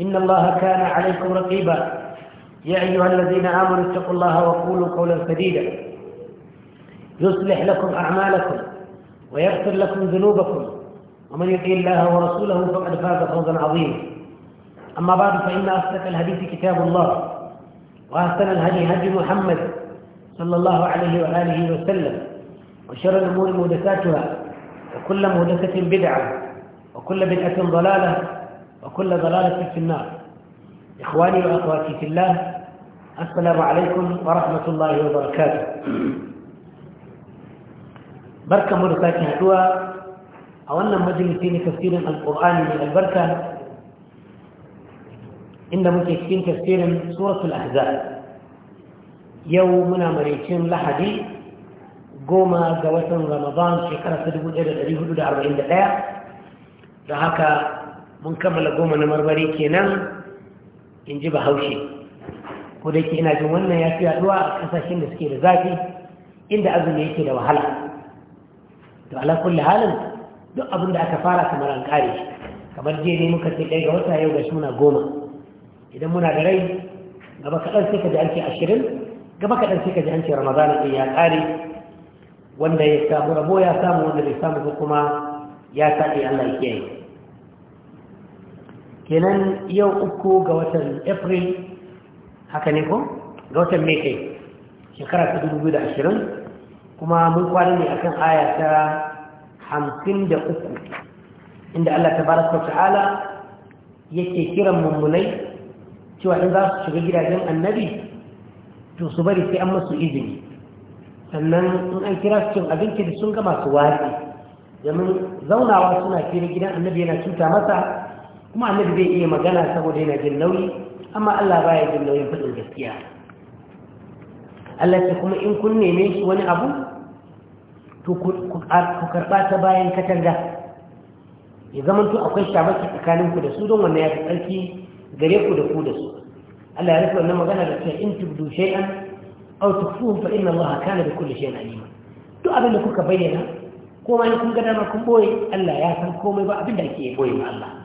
إن الله كان عليكم رقيبا يا أيها الذين آمنوا اتقوا الله وقولوا قولا سديدا يصلح لكم أعمالكم ويغفر لكم ذنوبكم ومن يطيع الله ورسوله فقد فاز فوزا عظيما أما بعد فإن أصدق الحديث كتاب الله وأحسن الهدي هدي محمد صلى الله عليه وآله وسلم وشر الأمور مهدساتها وكل مهدسة بدعة وكل بدعة ضلالة وكل ضلالة في النار إخواني وأخواتي في الله السلام عليكم ورحمة الله وبركاته بركة مرتاكي هدوى أولا مجلسين تفسير القرآن من البركة إن مجلسين تفسير سورة الأحزاب يومنا مريتين لحدي قوما قوة رمضان شكرا سدبون إلى الأليه لدى أربعين دقائق لهكا mun kammala goma na marmari kenan in ji bahaushe ko da ke ina jin wannan ya fi yaduwa a kasashen da suke da zafi inda azumi yake da wahala to ala kulli halin duk abin da aka fara kamar an kare kamar jere muka ce ɗaya ga wata yau ga muna goma idan muna da rai gaba kaɗan sai ka ji an ce ashirin gaba kaɗan sai ka ji an ce ramadana ɗin ya kare wanda ya samu rabo ya samu wanda bai samu ko kuma ya saɗi allah ya kiyaye kenan yau uku ga watan april haka ne ko ga watan mai shekara ta dubu biyu da ashirin kuma mun kwana ne akan aya ta hamsin da uku inda allah ta baraka ta'ala yake kiran mummunai cewa in za su shiga gidajen annabi to su bari sai an masu izini sannan in an kira su cin abinci da sun gama su watsi domin zaunawa suna fira gidan annabi yana cuta masa kuma annabi bai iya magana saboda yana jin nauyi amma Allah baya jin nauyin faɗin gaskiya Allah ce kuma in kun neme shi wani abu to ku karɓa ta bayan katanga ya zama to akwai shabaki tsakaninku da su don wannan ya fi tsarki gare ku da ku da su Allah ya rufe wannan magana da cewa in tubdu shay'an aw tukfuhu fa inna Allah kana bi kulli shay'in alima To abin da kuka bayyana ko ma kun ga dama kun boye Allah ya san komai ba abin da ake boye ma Allah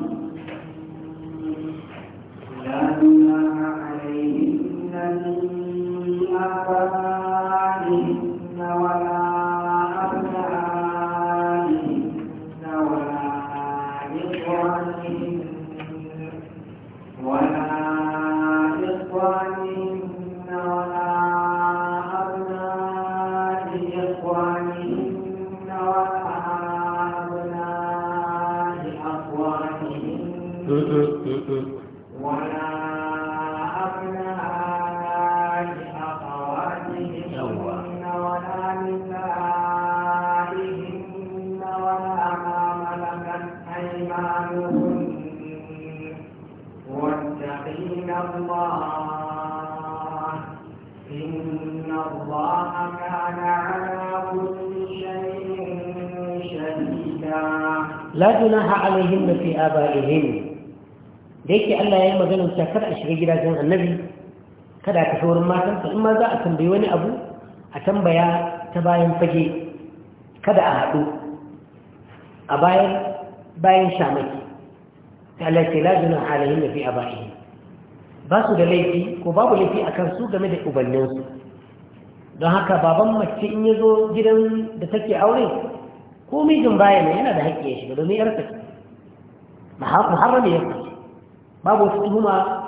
shiga gidajen annabi kada ka wurin matansa in ma za a tambayi wani abu a tambaya ta bayan fage kada a haɗu a bayan bayan shamaki ta alaƙi lajunan halayen da fi a bayan ba su da laifi ko babu laifi a kan su game da ubanninsu don haka baban mace in ya zo gidan da take aure ko mijin baya mai yana da haƙƙi ya shiga domin yarsa muharram ya babu wasu tuhuma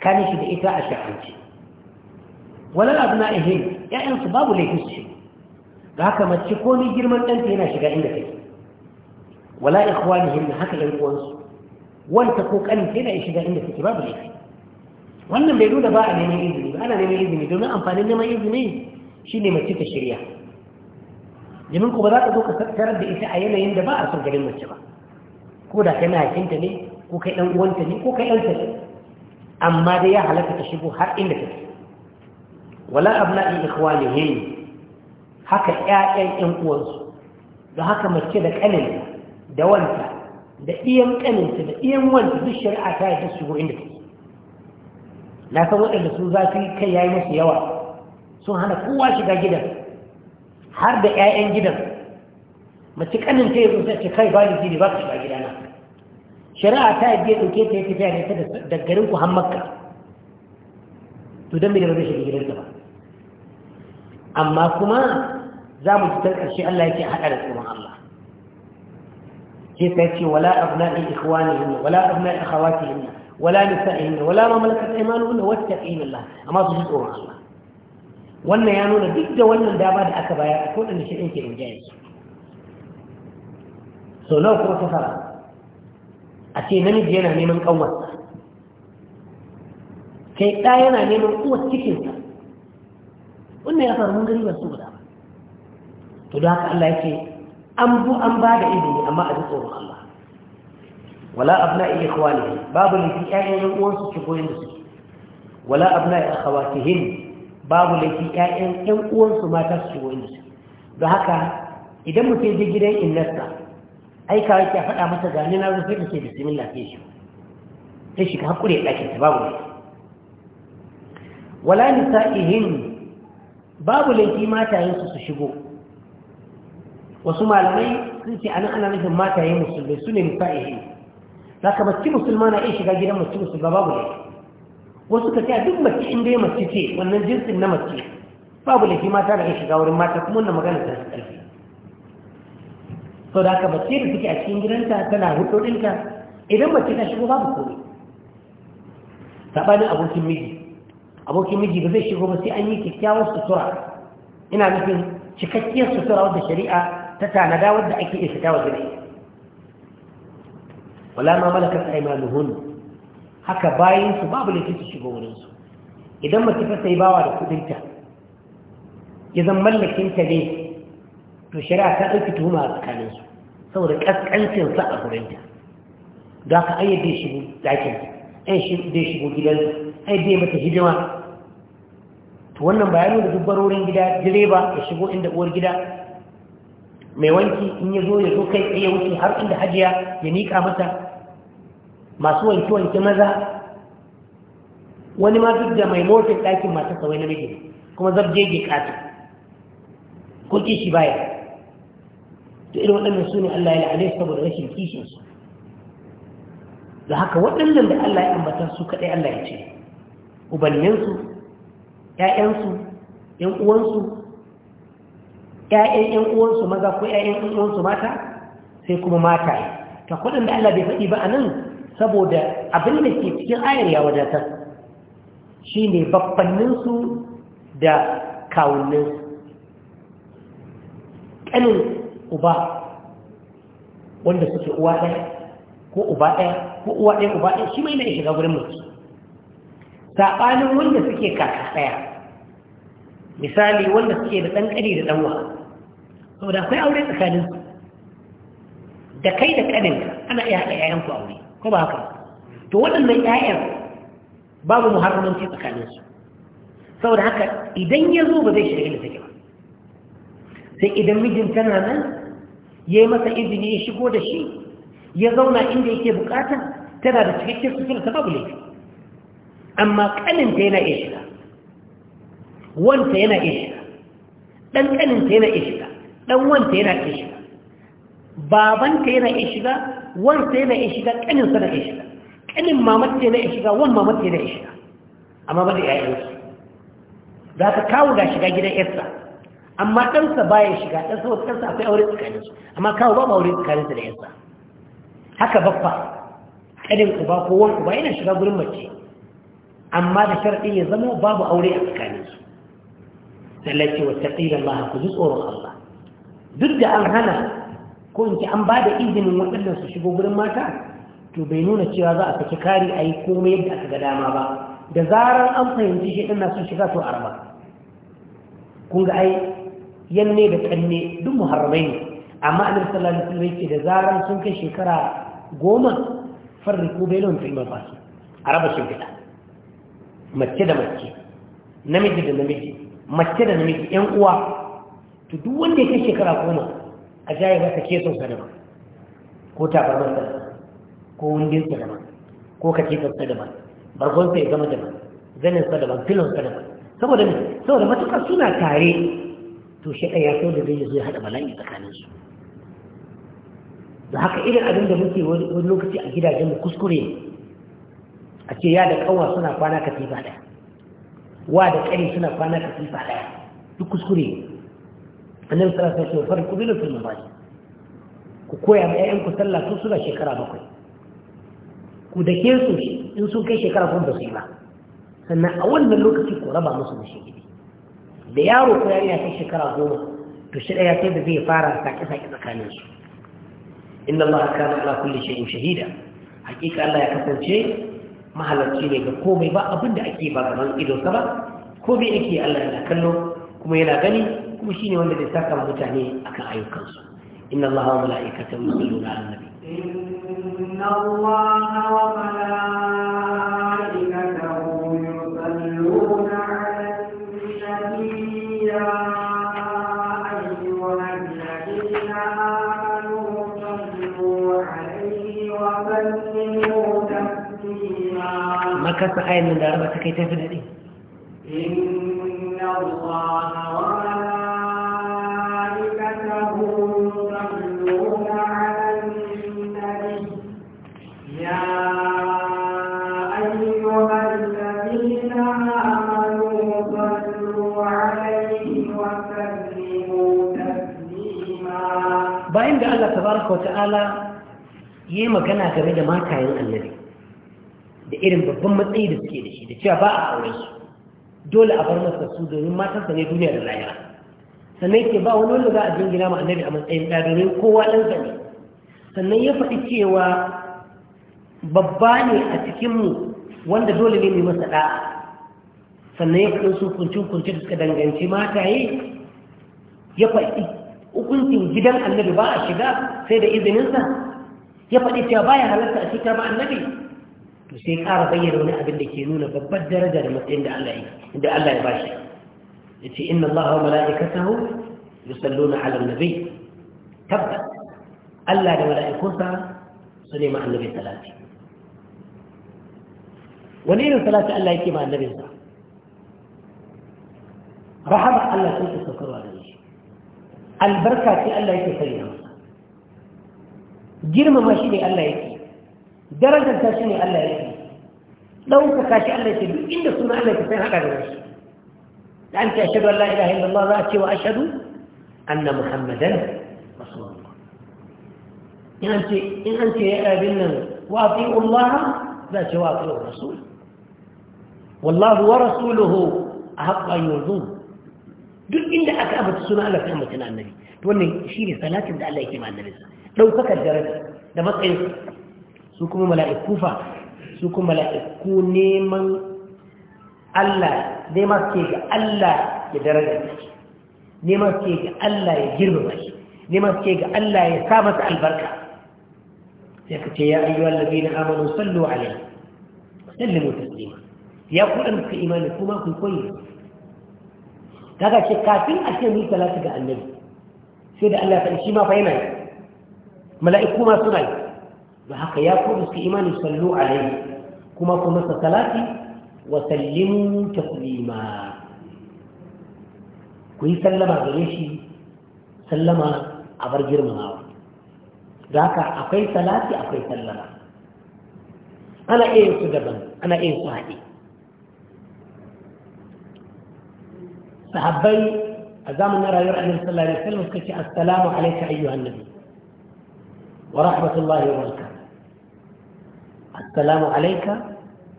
tsakanin shi da ita a shaharci wani abu na ihim ‘ya'yansu babu laifin shi ga haka mace ko ni girman ɗanta yana shiga inda take wala ikhwanihim na haka ‘yan uwansu wanta ko ƙanin sai da shiga inda take babu laifi wannan bai nuna ba a neman izini ba ana neman izini domin amfanin neman izini shine mace ta shirya domin ko ba za ka zo ka tattarar da ita a yanayin da ba a son garin mace ba ko da kai mahaifinta ne ko kai ɗan uwanta ne ko kai ɗanta ne amma dai ya halatta ta shigo har inda take wala abna'i ikhwanihin haka ƴaƴan ƴan uwansu don haka mace da kanin da wanta da iyan kaninta da iyan wanta duk shari'a ta yadda shigo inda take na san waɗanda su zafi kai yayi musu yawa sun hana kowa shiga gidan har da ƴaƴan gidan mace kaninta ya zo sai ce kai ba ni ba ka shiga gidana shari'a ta yi ɗauke ta ya fi fiya nesa da garin ku har makka to don mai da ba zai shiga gidan ba amma kuma za mu ci tarkar shi Allah yake haɗa da tsoron Allah ke ta ce wala abna in ikhwani hinna wala abna a akhawati hinna wala nisa hinna wala ma malaka tsaimanu hinna wata ta ƙi Allah amma su tsoron Allah wannan ya nuna duk da wannan dama da aka baya a kodin shirin ke rinjaye su. sau nawa kuma ta fara a ce namiji yana neman ƙanwarsa kai ɗa yana neman uwar cikinsa wannan ya faru mun gani ba su guda ba to da haka Allah yake an bu an ba da izini amma a ji tsoron Allah wala abna iya kwale babu laifi ƴaƴan yan uwansu ci goyon da suke wala abna iya khawatihim babu laifi ƴaƴan yan uwansu mata su ci goyon da suke don haka idan mutum je gidan innarsa ai ka yake faɗa mata gani na zo da ke ce bismillah sai shi sai shi ka hakuri ya ɗakin ta babu laifi wala sa'ihin babu laifi matayensu su shigo wasu malamai sun ce anan ana nufin matayen musulmai su ne nisa'ihin za ka mace musulma na iya shiga gidan mace musulma babu laifi wasu ka ce a duk mace inda ya mace ce wannan jinsin na mace babu laifi mata da iya shiga wurin mata kuma wannan magana ta ƙarfi sau da haka mace da suke a cikin gidanta tana hudodinta idan mace ta shigo babu kome saɓanin abokin miji abokin miji ba zai shigo ba sai an yi kyakkyawar sutura ina nufin cikakkiyar sutura wadda shari'a ta tanada wadda ake iya shiga wa gare wala ma malakat aymanuhun haka bayan su babu laifin su shigo wurin su idan mace ta sai bawa da kudinta ya zan mallakinta ne to shari'a ta ɗauki tuhuma a tsakaninsu saboda kaskancin sa a gurin ta da ka ayyar bai shigo dakin ai bai shigo gidan ai bai mata hidima to wannan bayanin da wurin gida direba ya shigo inda uwar gida mai wanki in ya zo ya zo kai tsaye wuce har inda hajiya ya nika mata masu wanke-wanke maza wani ma duk da mai motar ɗakin masu kawai namiji kuma zabje ke ƙasa, ko shi baya da irin waɗannan su ne Allah ya lalace saboda rashin kishin su da haka waɗannan da Allah ya ambata su kaɗai Allah ya ce ubanninsu ‘ya'yansu ‘yan uwansu ‘ya'yan ‘yan uwansu maza ko ‘ya'yan ‘yan uwansu mata sai kuma mata ya ta da Allah bai faɗi ba anan saboda abin da ke cikin ayar ya wadatar shi ne babbanninsu da kawunninsu ƙanin uba wanda suke uwa ɗaya ko uba ɗaya ko uwa ɗaya uba ɗaya shi mai na shiga gurin mulki saɓanin wanda suke kaka ɗaya misali wanda suke da ɗan ƙari da ɗanwa sau da akwai aure tsakanin da kai da ƙaninka ana iya haɗa ‘ya'yanku aure ko ba haka to waɗannan ‘ya'yan babu muharramanci tsakaninsu sau da haka idan ya zo ba zai shirya da take ba sai idan mijin tana nan ya yi masa izini ya shigo da shi ya zauna inda yake bukata tana da cikakken sutura ta babu laifi amma kaninta yana iya shiga wanta yana iya shiga ɗan kaninta yana iya shiga ɗan wanta yana iya shiga babanta yana iya shiga wanta yana iya shiga kaninsa na iya shiga kanin mamata yana iya shiga wan mamata yana iya shiga amma ba da 'ya'yansu za ka kawo ga shiga gidan yarsa amma ɗansa ba ya shiga ɗan saboda ɗansa akwai aure tsakanin su amma kawo ba aure tsakanin su da yansa haka baffa ƙanin ba ko wanku ba yana shiga gurin mace amma da sharaɗin ya zama babu aure a tsakanin su sallar ce wata ƙila Allah ku ji tsoron Allah duk da an hana ko in ce an ba da izinin waɗannan su shigo gurin mata to bai nuna cewa za a saki kari a yi komai yadda aka ga dama ba da zarar an fahimci shi ɗin na sun shiga to arba kun ga ai yanne da kanne duk muharramai ne amma annabi sallallahu alaihi wasallam yake da zaran sun kai shekara goma farriku bainahum fil mafasid a raba gida mace da mace namiji da namiji mace da namiji yan uwa to duk wanda ya kai shekara goma a jaye masa keson sadama ko tabarmar sadama ko wundin sadama ko katifar sadama bargonsa ya zama daban zanin sadama filon sadama saboda ne saboda matukar suna tare to shi ya so da zai zo ya haɗa bala'i tsakanin su da haka irin abin da muke wani lokaci a gidajen mu kuskure a ce ya da kanwa suna kwana katifa ɗaya wa da ƙari suna kwana katifa ɗaya duk kuskure annabi sallallahu alaihi wasallam farko bin fil mabadi ku koya ma ƴaƴan ku sallah su suna shekara bakwai ku dake su in sun kai shekara kuma ba su yi ba sannan a wannan lokaci ku raba musu da shigidi da yaro ko yarinya kai shekara goma to shi ɗaya sai da zai fara saƙe-saƙe tsakanin su inna Allah kana ala kulli shay'in shahida hakika Allah ya kasance mahalarci ne ga komai ba abin da ake ba gaban ido sa ba ko bai yake Allah yana kallo kuma yana gani kuma shine wanda zai saka mutane akan ayyukansu inna Allah wa mala'ikatahu yusalluna 'alan nabi inna Allah kasa ayin nan da raba ta kai tafi daɗi bayan da Allah tabaraka wa ta'ala yi magana game da matayen annabi da irin babban matsayi da suke da shi da cewa ba a aure su dole a bar masa su domin matansa ne duniya da lahira sannan ke ba wani wanda za a jingina ma annabi a matsayin da domin kowa ɗansa ne sannan ya faɗi cewa babba ne a cikinmu wanda dole ne mai masa ɗa'a sannan ya faɗi su kunci kuncin da suka danganci mataye ya faɗi hukuncin gidan annabi ba a shiga sai da izininsa ya faɗi cewa baya halarta a cikin ma annabi to sai ƙara bayyana wani abin da ke nuna babbar daraja da matsayin da Allah ya da Allah ya bashi yace inna Allaha wa mala'ikatahu yusalluna 'alan nabiy tabbat Allah da mala'ikunsa su ne ma annabi salati wani irin salati Allah yake ma annabinsa rahama Allah sun ta saukarwa da shi albarka ce Allah yake sanya masa girmama shi ne Allah yake darajar ta shi ne Allah ya ce ɗaukaka shi Allah ya ce duk inda suna Allah ya san haɗa da shi da an ce ashadu Allah ilaha illallah za a ce wa ashadu anna muhammadan rasulullah in an ce in an ce abin nan wa fi Allah za a ce wa fi rasul wallahu wa rasuluhu أحق أن يرضون دل إلا أكأبت السنة على فهمة النبي تقول لي شيري صلاة بدأ الله يتمع النبي لو فكر جرد ده مطعم su kuma mala'iku fa su kuma mala'iku neman Allah neman ke ga Allah ya daraja shi neman ke ga Allah ya girmama shi neman ke ga Allah ya sa masa albarka sai ka ce ya ayyuhal ladina amanu sallu alaihi sallimu taslima ya ku dan ka imani kuma ku koyi kaga ce kafin a ce mu salatu ga annabi sai da Allah ta shi ma fa yana mala'iku ma suna yi da haka ya ku su imani sallu alaihi kuma ku masa salati wa sallimu taslima ku yi sallama gare shi sallama a bar girmamawa da haka akwai salati akwai sallama ana iya su daban ana iya su haɗe sahabbai a zamanin rayuwar annabi sallallahu alaihi wasallam suka ce assalamu alayka ayyuhan nabi wa rahmatullahi wa barakatuh assalamu alaika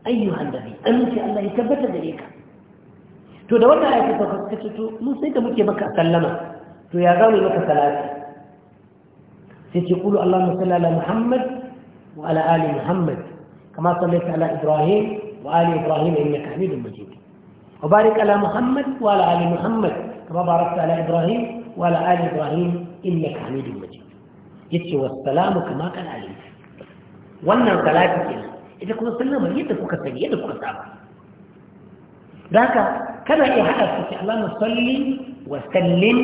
ayyuhan nabi aminci Allah ya tabbata gare ka to da wannan ayatu ka ta to mun sai da muke maka sallama to ya zamu maka salati sai ce qulu allahumma salli ala muhammad wa ala ali muhammad kama sallaita ala ibrahim wa ali ibrahim innaka hamidum majid وبارك على محمد Ali Muhammad, kama كما ala Ibrahim ابراهيم وعلى ال ابراهيم انك حميد مجيد يتي والسلام كما قال عليك wannan salati ke ita kuma sallama yadda kuka sani yadda kuka saba da haka kana iya haɗa su ce Allah musalli wa sallin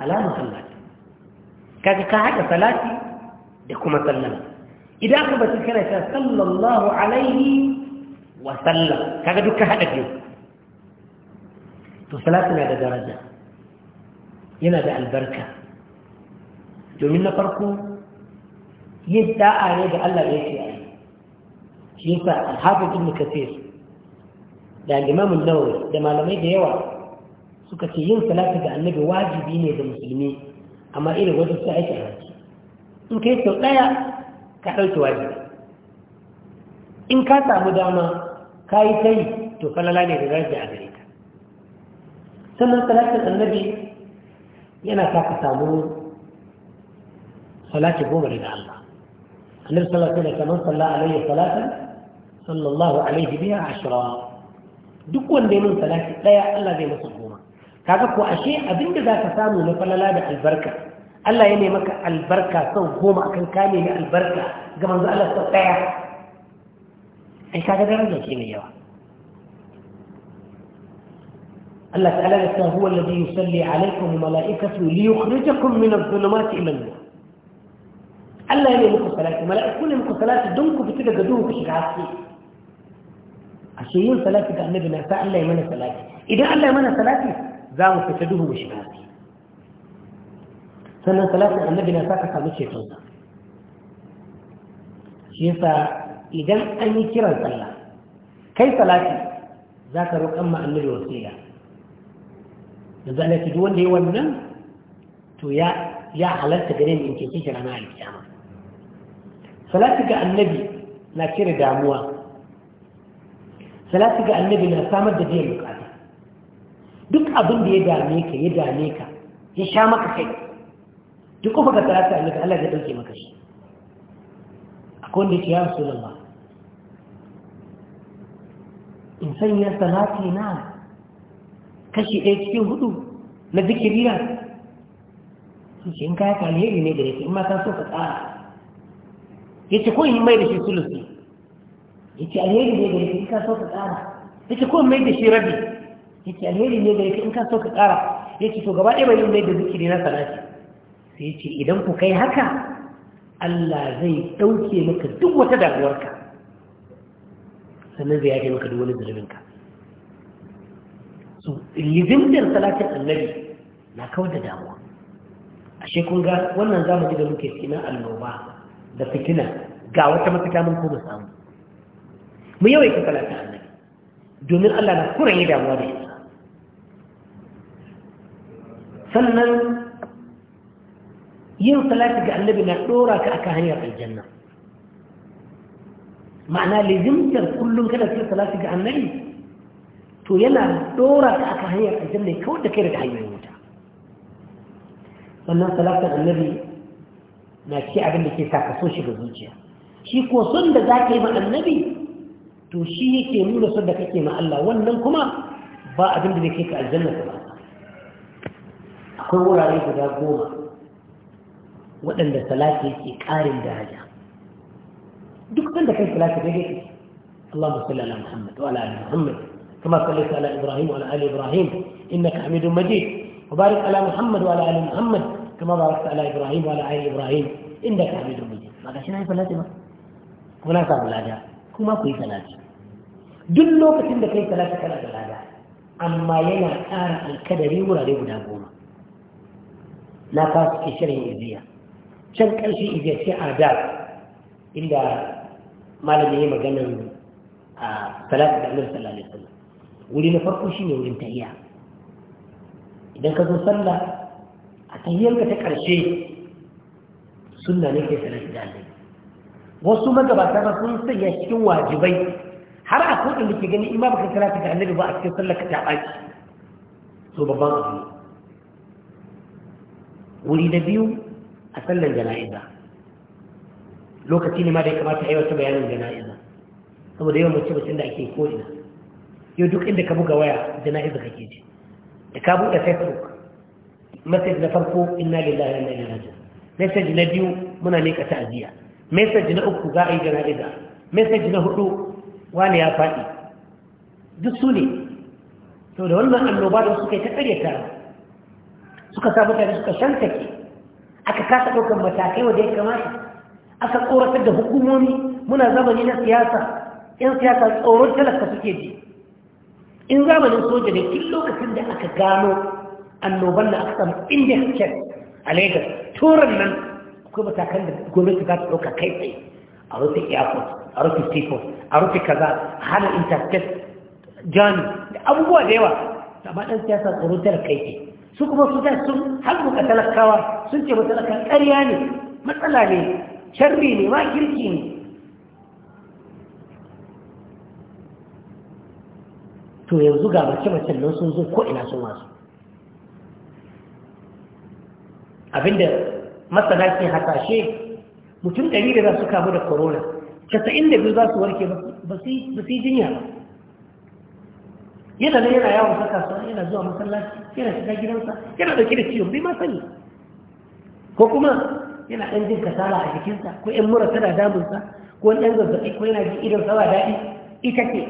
ala musallati kaga ka haɗa salati da kuma sallama idan aka bata kana ta sallallahu alaihi wa sallam kaga duka haɗa biyu to salati na da daraja yana da albarka domin na farko yin da'a ne da Allah ya ce ai shi yasa alhafiz ibn kasir da limamin nawawi da malamai da yawa suka ce yin salati ga annabi wajibi ne da musulmi amma irin wajen sai ake haji in kai sau ɗaya ka ɗauki wajibi in ka samu dama ka yi sai to falala ne da zai a gare ka sannan salatin annabi yana sa ka samu salati goma daga Allah النبي صلى الله عليه وسلم كمان صلى عليه صلاة صلى الله عليه بها عشرة duk wanda ya min salati daya Allah zai masa goma kaga ko ashe abinda zaka samu na falala da albarka Allah ya nemi maka albarka sau goma akan ka nemi albarka ga manzo Allah sau daya ai kaga daraja ce mai yawa Allah ta'ala ya ce huwa alladhi yusalli alaykum malaikatu liyukhrijakum min adh-dhulumati ila an-nur Allah ya ne muku salati mala'iku ne muku salati don ku fita daga duhu ku shiga haske ashe yin salati ga annabi na sa Allah ya mana salati idan Allah ya mana salati za mu fita duhu mu shiga haske sannan salatin annabi na sa ka samu ceton sa shi yasa idan an yi kiran sallah kai salati za ka roƙan ma annabi wasiya yanzu Allah ya duk wanda ya wannan to ya halarta gare ni in ke kira na alkiyama salati ga annabi na kira damuwa salati ga annabi na samar da biyan bukata duk abin da ya dame ka ya dame ka ya sha maka kai duk kuma ga salati annabi Allah ya dauke maka shi akwai wanda ke ya ba in sanya salati na kashi ɗaya cikin hudu na zikirina su ce in kaya ka ne da yake in ma ka so ka tsara yace ko in mai da shi sulusi yace alheri ne gare in ka so ka kara yace ko in mai da shi rabi yace alheri ne gare in ka so ka kara yace to gaba ɗaya bai yi mai da zikiri na salati sai yace idan ku kai haka Allah zai ɗauke maka duk wata damuwarka sannan zai yafe maka duk wani zunubinka su lizimtar salatin annabi na kawar da damuwa ashe kun ga wannan zamani da muke cikin annoba da fitina ga wata mafita mun kuma samu mu yawaita salatin annabi domin Allah na kuran yi damuwa da ita sannan yin salati ga annabi na dora ka akan hanyar aljanna ma'ana lizimtar kullum kada sai salati ga annabi to yana dora ka aka hanyar aljanna kawai da kai daga hanyoyin wuta sannan salatin annabi na ci abin da ke sa ka so shi zuciya shi ko son da za ka yi ma annabi to shi yake nuna son da kake ma Allah wannan kuma ba abin da ke ka aljanna ba akwai wurare guda goma waɗanda salati yake ƙarin daraja duk da kai salati daidai Muhammad اللهم صل على محمد وعلى ال ala Ibrahim صليت على ابراهيم وعلى ال ابراهيم انك حميد مجيد وبارك على محمد وعلى ali Muhammad. كما باركت على إبراهيم وعلى آل إبراهيم إنك حميد مجيد ما قاشنا هاي فلاتي ما كنا صار ولادا كما كوي ثلاثة دل لوكة إنك هاي ثلاثة كنا ولادا أما ينا كار الكدري ولا ريب دابوما لا كاس كشره إذية شن كان شيء إذية شيء آداب إلا ما لم يهي مجانا ثلاثة النبي صلى الله عليه وسلم ولي نفرقه شيء ولي انتهيها إذا كذو صلى a tahiyarka ta ƙarshe suna ne ke sanar da ne wasu magabata ba sun sanya cikin wajibai har a kudin da ke gani in ba kira ta da annabi ba a cikin sallar ka ta ɓaci to babban abu ne wuri na biyu a sallar jana'iza lokaci ne ma da ya kamata a yi wata bayanin jana'iza saboda yawan mace mutum da ake ko'ina yau duk inda ka buga waya jana'iza kake ce da ka buga facebook message na farko inna lillahi wa inna ilaihi raji'un message na biyu muna mika ta'ziya message na uku za a yi jana'iza message na hudu wani ya faɗi duk su ne to da wannan annoba da suka yi ta karyata suka sa mutane suka shantake aka kasa ɗaukar matakai wanda ya kamata aka tsoratar da hukumomi muna zamani na siyasa yan siyasa tsoron talaka suke ji in zamanin soja ne tun lokacin da aka gano annoban da aka samu inda check a lagos turan nan akwai matakan da gwamnati za ta ɗauka kai tsaye a rufe airport a rufe seaport a rufe kaza a hana interstate journey da abubuwa da yawa amma ɗan siyasa tsoro tara kai ke su kuma su ta sun ka talakawa sun ce matalakan ƙarya ne matsala ne sharri ne ma kirki ne to yanzu ga mace-macen nan sun zo ko ina sun wasu abinda masana ke hasashe mutum ɗari da za su kamu da korona, casa'in da biyu za su warke ba su yi jinya ba yana yana yawon saka kasuwa yana zuwa masallaci yana shiga gidansa yana ɗauke da ciwon bai ma sani ko kuma yana ɗan jin kasala a jikinsa ko ‘yan mura tana damunsa ko wani ɗan zazzaɓi ko yana jin idan sawa daɗi ita ce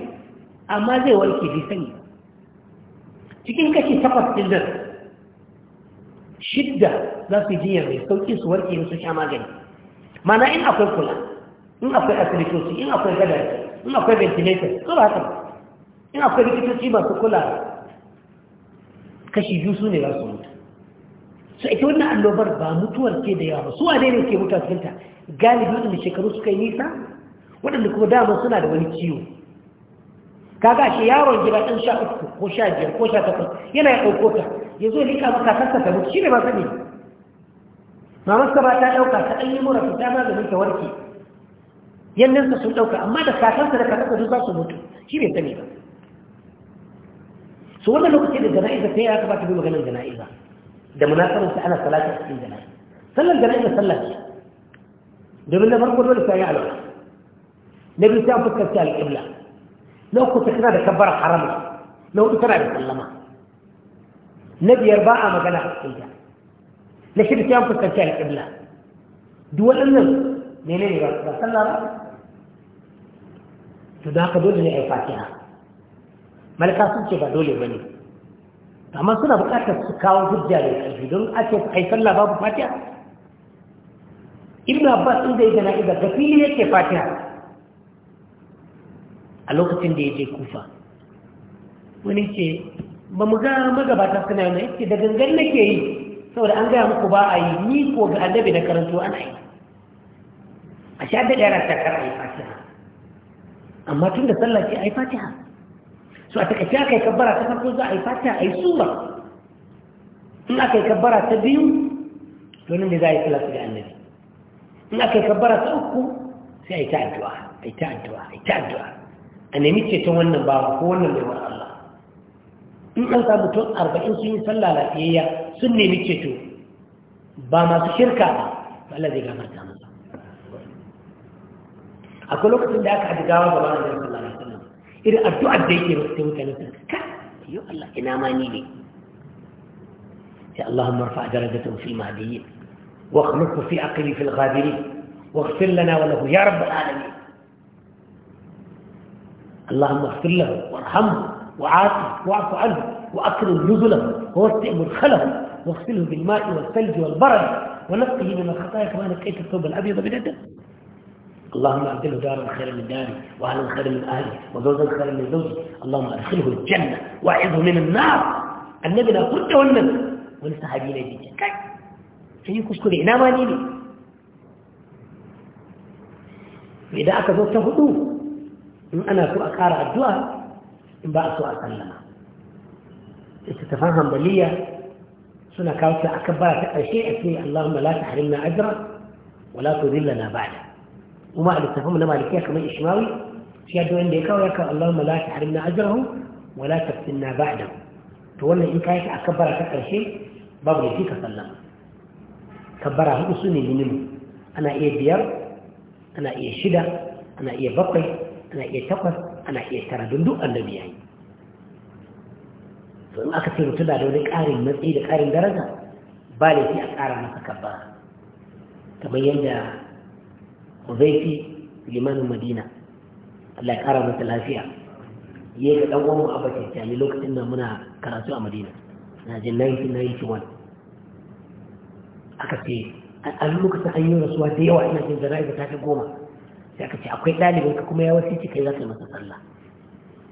amma zai warke bai sani cikin kashi takwas ɗin shidda za su ji mai sauƙi su warke su sha magani mana in akwai kula in akwai asibitoci in akwai gadar in akwai ventilator su ba haka in akwai likitoci masu kula kashi biyu su ne za su mutu su ita wannan allobar ba mutuwar ke da yawa su wane ne ke mutuwa cikinta galibi waɗanda shekaru suka yi nisa waɗanda kuma dama suna da wani ciwo kaga shi yaron gida ɗan sha uku ko sha biyar ko sha takwas yana ya ɗauko ta ya zo lika maka kasa ta mutu shi ne ba sani mamarsa ba ta ɗauka ta ɗan yi mura fita maganin ta warke yannansa sun ɗauka amma da kakansa da kakansa duk za su mutu shi bai sani ba su wannan lokaci da jana'iza ta ya kamata bi maganar jana'iza da munasarar ta ana salata cikin jana'iza sallar jana'iza sallar ce domin na farko dole sai ya alwala na biyu sai an fuskanci alƙibla na uku ta tana da kabbar haram na hudu tana da sallama na biyar ba a magana a tsaida na shida ta an fuskanci ƙibla duk waɗannan mene ne ba sallah ba to da ka dole ne a yi fatiha malaka sun ce ba dole ba ne amma suna buƙatar su kawo hujja da ƙarfi don ake ai sallah babu fatiha ibn abbas sun zai gana idan fili yake fatiha a lokacin da ya je kufa wani ce ba mu ga magabata suna yana yake da gangan nake yi saboda an gaya muku ba a yi ni ko ga annabi da karanto ana yi a sha da yara ta kar a yi fatiha amma tun da sallah ce a yi fatiha so a takaice aka yi kabbara ta farko za a yi fatiha a yi sura in aka yi kabbara ta biyu to nan da za a yi salatu da annabi in aka yi kabbara ta uku sai a yi ta addu'a a yi ta addu'a a yi ta addu'a a nemi ceton wannan bawa ko wannan mai wa in an samu tun arba'in sun yi sallah lafiyayya sun nemi ceto ba masu shirka ba Allah zai gafarta musu akwai lokacin da aka haɗu gawa ga wani da sallah na sallah irin addu'ar da yake wasu mutane sun ka yo Allah ina ma ni ne sai Allahumma rafa darajatan fi mahdiyyin wa akhliqhu fi aqli fil ghabirin واغفر لنا وله يا رب العالمين اللهم اغفر له وارحمه وعافه واعف عنه وأكرم نزله ووسع مدخله واغسله بالماء والثلج والبرد ونقه من الخطايا كما نقيت الثوب الأبيض من اللهم أبدله دارا خيرا من داري وأهلا خيرا من أهلي وزوجا خيرا من زوجي اللهم أدخله الجنة وأعذه من النار النبي لا كنت والنبي إليه يجي كاي شيء كشكري إنا ما نيني وإذا أكذبت هدوه إن أنا سوء أكار الدعاء إن بأسوء أسلمه littattafan hambaliya suna kawo ta aka ba ta ƙarshe a ce Allahumma la tahrimna ajra wa la tudillana ba'da kuma a littattafan na malikiya kamar ishmawi shi yadda wanda ya kawo ya kawo Allahumma la tahrimna ajrahu wa la taftinna ba'da to wannan in kai ta aka bara ta ƙarshe babu da ka sallama kabbara hudu su ne minimu ana iya biyar ana iya shida ana iya bakwai ana iya takwas ana iya tara dundun annabi yayi to in aka ce mutum na da wani ƙarin matsayi da ƙarin daraja ba laifi a ƙara masa kabba kamar yadda huzaifi limanin madina Allah ya ƙara masa lafiya ya ga ɗan uwanmu a bakirkyali lokacin da muna karatu a madina na jin 1991 aka ce a lokacin an yi rasuwa da yawa ina jin jana'iza ta fi goma sai aka ce akwai ɗalibin ka kuma ya wasici kai za ka yi masa sallah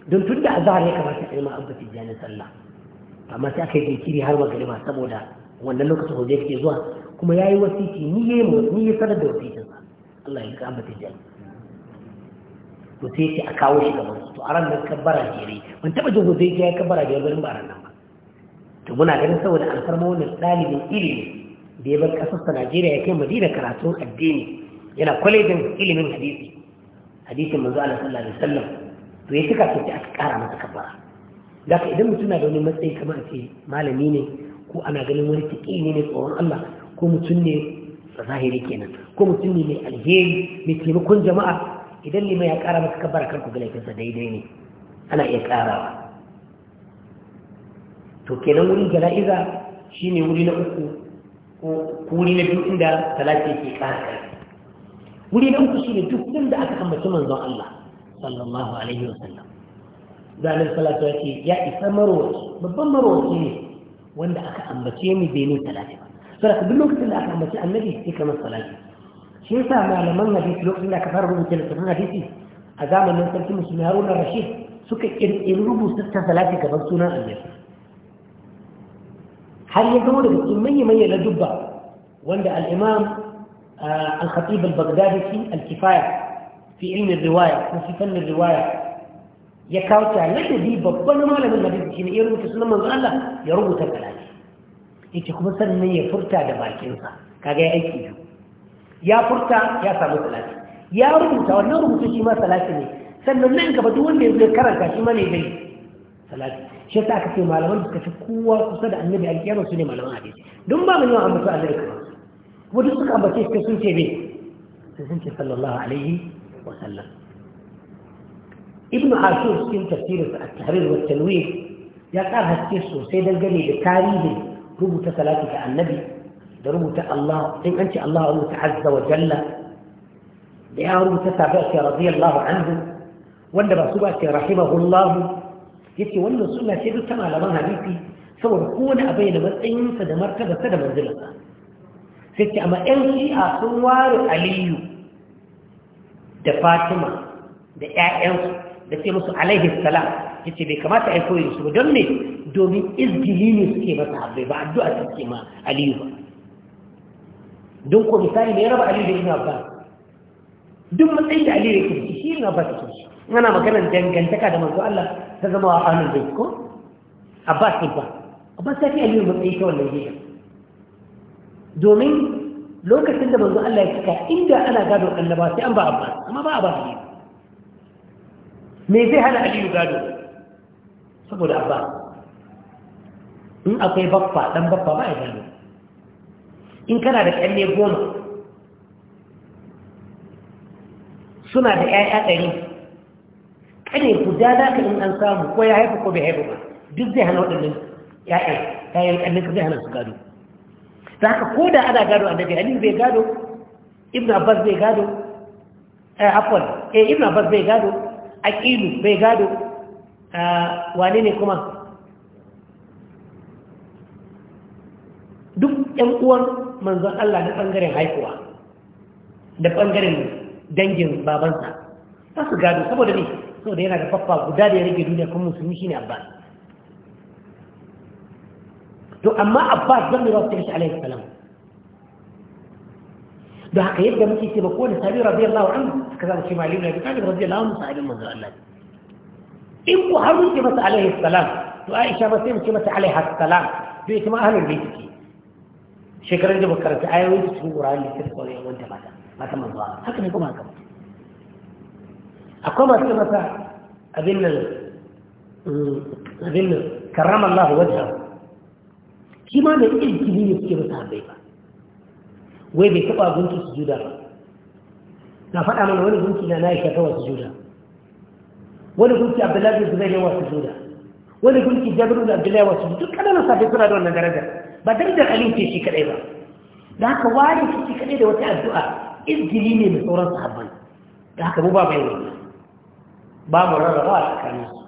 don tun da azahar ya kamata a yi ma abba sallah amma sai aka yi jinkiri har magarima saboda wannan lokacin hujja ke zuwa kuma ya yi wasiki ni ya yi sanar da wasikinsa Allah ya kama ta jami to sai ce a kawo shi gaban to a ranar kabbara jere ban taba jin hujja ya kabbara jere garin ba nan ba to muna ganin saboda alfarma wannan ɗalibin ilimi da ya bar ƙasarsa Najeriya ya kai Madina karatun addini yana kwalejin ilimin hadisi hadisin manzo Allah sallallahu alaihi wasallam to ya tuka sai aka kara masa kabbara da ka idan mutum na da wani matsayi kamar a ce malami ne ko ana ganin wani taƙi ne ne tsoron Allah ko mutum ne a zahiri kenan ko mutum ne mai alheri mai taimakon jama'a idan lima ya ƙara masa kabbara kan ku laifinsa daidai ne ana iya ƙarawa to kenan wurin jala'iza shine wuri na uku ko wuri na biyu inda talatin ke ƙara wuri na uku shine duk inda aka ambaci manzon Allah sallallahu alaihi wasallam da nan salatu ya ce ya isa marwaci babban marwaci ne wanda aka ambace mu bai ne salati ba saboda duk lokacin da aka ambace annabi sai kamar salati shi yasa malaman hadisi lokacin da aka fara rubuta littafin hadisi a zamanin sarki musulmi haruna rashid suka kirkiri rubuta ta salati gaban sunan annabi har ya zama daga cikin manya-manya na dubba wanda al'imam الخطيب البغدادي في الكفاية في علم الرواية وفي فن الرواية ya kawo ta ladabi babban malamin da hadisi ne ya rubuta sunan manzon Allah ya rubuta kalami yake kuma sannan ya furta da bakinsa kaga ya aiki biyu ya furta ya samu salati ya rubuta wannan rubutu shi ma salati ne sannan nan gaba duk wanda ya zo karanta shi ma ne dai salati shi yasa aka ce malaman da suka fi kowa kusa da annabi alkiyama su ne malaman hadisi don ba mun yi wa ambata annabi kuma wadda suka ambace shi sun ce ne sun ce sallallahu alaihi wa sallam ibnu ashur cikin tafsirinsa a tahrir wa tanwir ya ƙara haske sosai dangane da tarihin rubuta salati ga annabi da rubuta Allah in an ce Allah rubuta azza wa jalla da ya rubuta tabi a ce radiyallahu anhu wanda ba su ba ce rahimahullahu Yake wannan suna ce duk ta malaman hadisi saboda kowane a bayyana matsayinsa da martabarsa da manzilarsa sai ce amma yan shi'a sun ware aliyu da fatima da 'ya'yansu da ce musu alaihi salam ya ce bai kamata a koyi su ba don ne? domin izgili ne suke masa abai ba addu'a suke ma aliyu ba don ko misali ne ya raba aliyu da ibn abbas duk matsayin da aliyu ya kirki shi ibn abbas ya kirki ana maganar dangantaka da manzo Allah ta zama wa ahlul bayt ko abbas ne ba abbas ta fi aliyu matsayi ta wannan gida? domin lokacin da manzo Allah ya cika inda ana gado annaba sai an ba abbas amma ba abbas ne me zai hana aliyu gado saboda abba in akwai baffa dan baffa ba ya gado in kana da ƙyalle goma suna da ƴaƴa ɗari kane guda za ka in an samu ko ya haifa ko bai haifa ba duk zai hana waɗannan ƴaƴa ƴaƴan ƙyallen ka zai hana su gado da haka ko da ana gado annabi aliyu bai gado ibn abbas bai gado eh afwan eh ibn abbas bai gado aqilu bai gado wane ne kuma duk yan uwan manzon Allah da bangaren haihuwa da bangaren dangin babansa za su gado saboda ne saboda yana da faffa guda da ya rage duniya kuma musulmi shine abbas to amma abbas zan da shi alaihi salam da haka yadda muke ce ba kowane sabi radiyallahu anhu suka zama ce malin na bukari radiyallahu anhu sa'adin manzo Allah in ku har mun ce masa alaihi salam to Aisha ba sai mu ce mata alaihi salam to ita ma ahlul bait ce shekarar da muka karanta ayoyin da cikin Qur'ani da cikin Qur'ani wanda mata mata manzo Allah haka ne kuma haka akwai masu masa abin nan mm, abin nan karrama Allah wajen shi ma mai ilkili ne suke masa bai ba wai bai taɓa gunki su juda ba na faɗa mana wani gunki na na isha kawai su juda wani gunki abdullahi da zubair yawa su juda wani gunki jabiru da abdullahi wasu duk ƙananan safe suna da wannan darajar ba darajar aliyu ce shi kaɗai ba da haka wani shi kaɗai da wata addu'a izgili ne mai sauran sahabbai da haka mu ba mai wani ba mu rarraba a tsakaninsu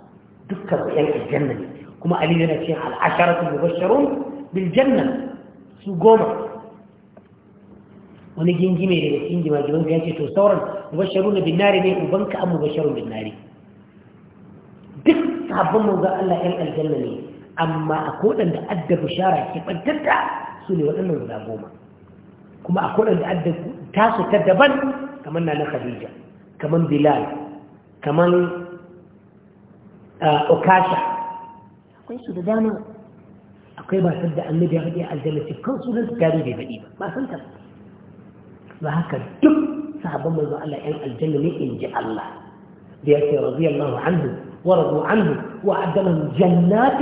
dukkan ƴan ‘yan aljanna ne kuma aliyu yana ce al'asharatun mubashirun bil janna su goma wani gingime daga cikin jimajiman ya ce to sauran mubasharu na binnari ne ubanka an mubasharu binnari duk sabon manzo Allah ɗan aljanna ne amma a kodan da adda bishara ke bantatta su ne waɗannan guda goma kuma a kodan da adda tasu ta daban kamar na na khadija kamar bilal kamar ah, okasha akwai su da dama akwai ba da annabi ya faɗi aljanna ce kan sunan tarihi bai faɗi ba ba san ta فهكا دك صحابة الله أن الجنة إن جاء الله بيأتي رضي الله عنه ورضوا عنه وعدلهم جنات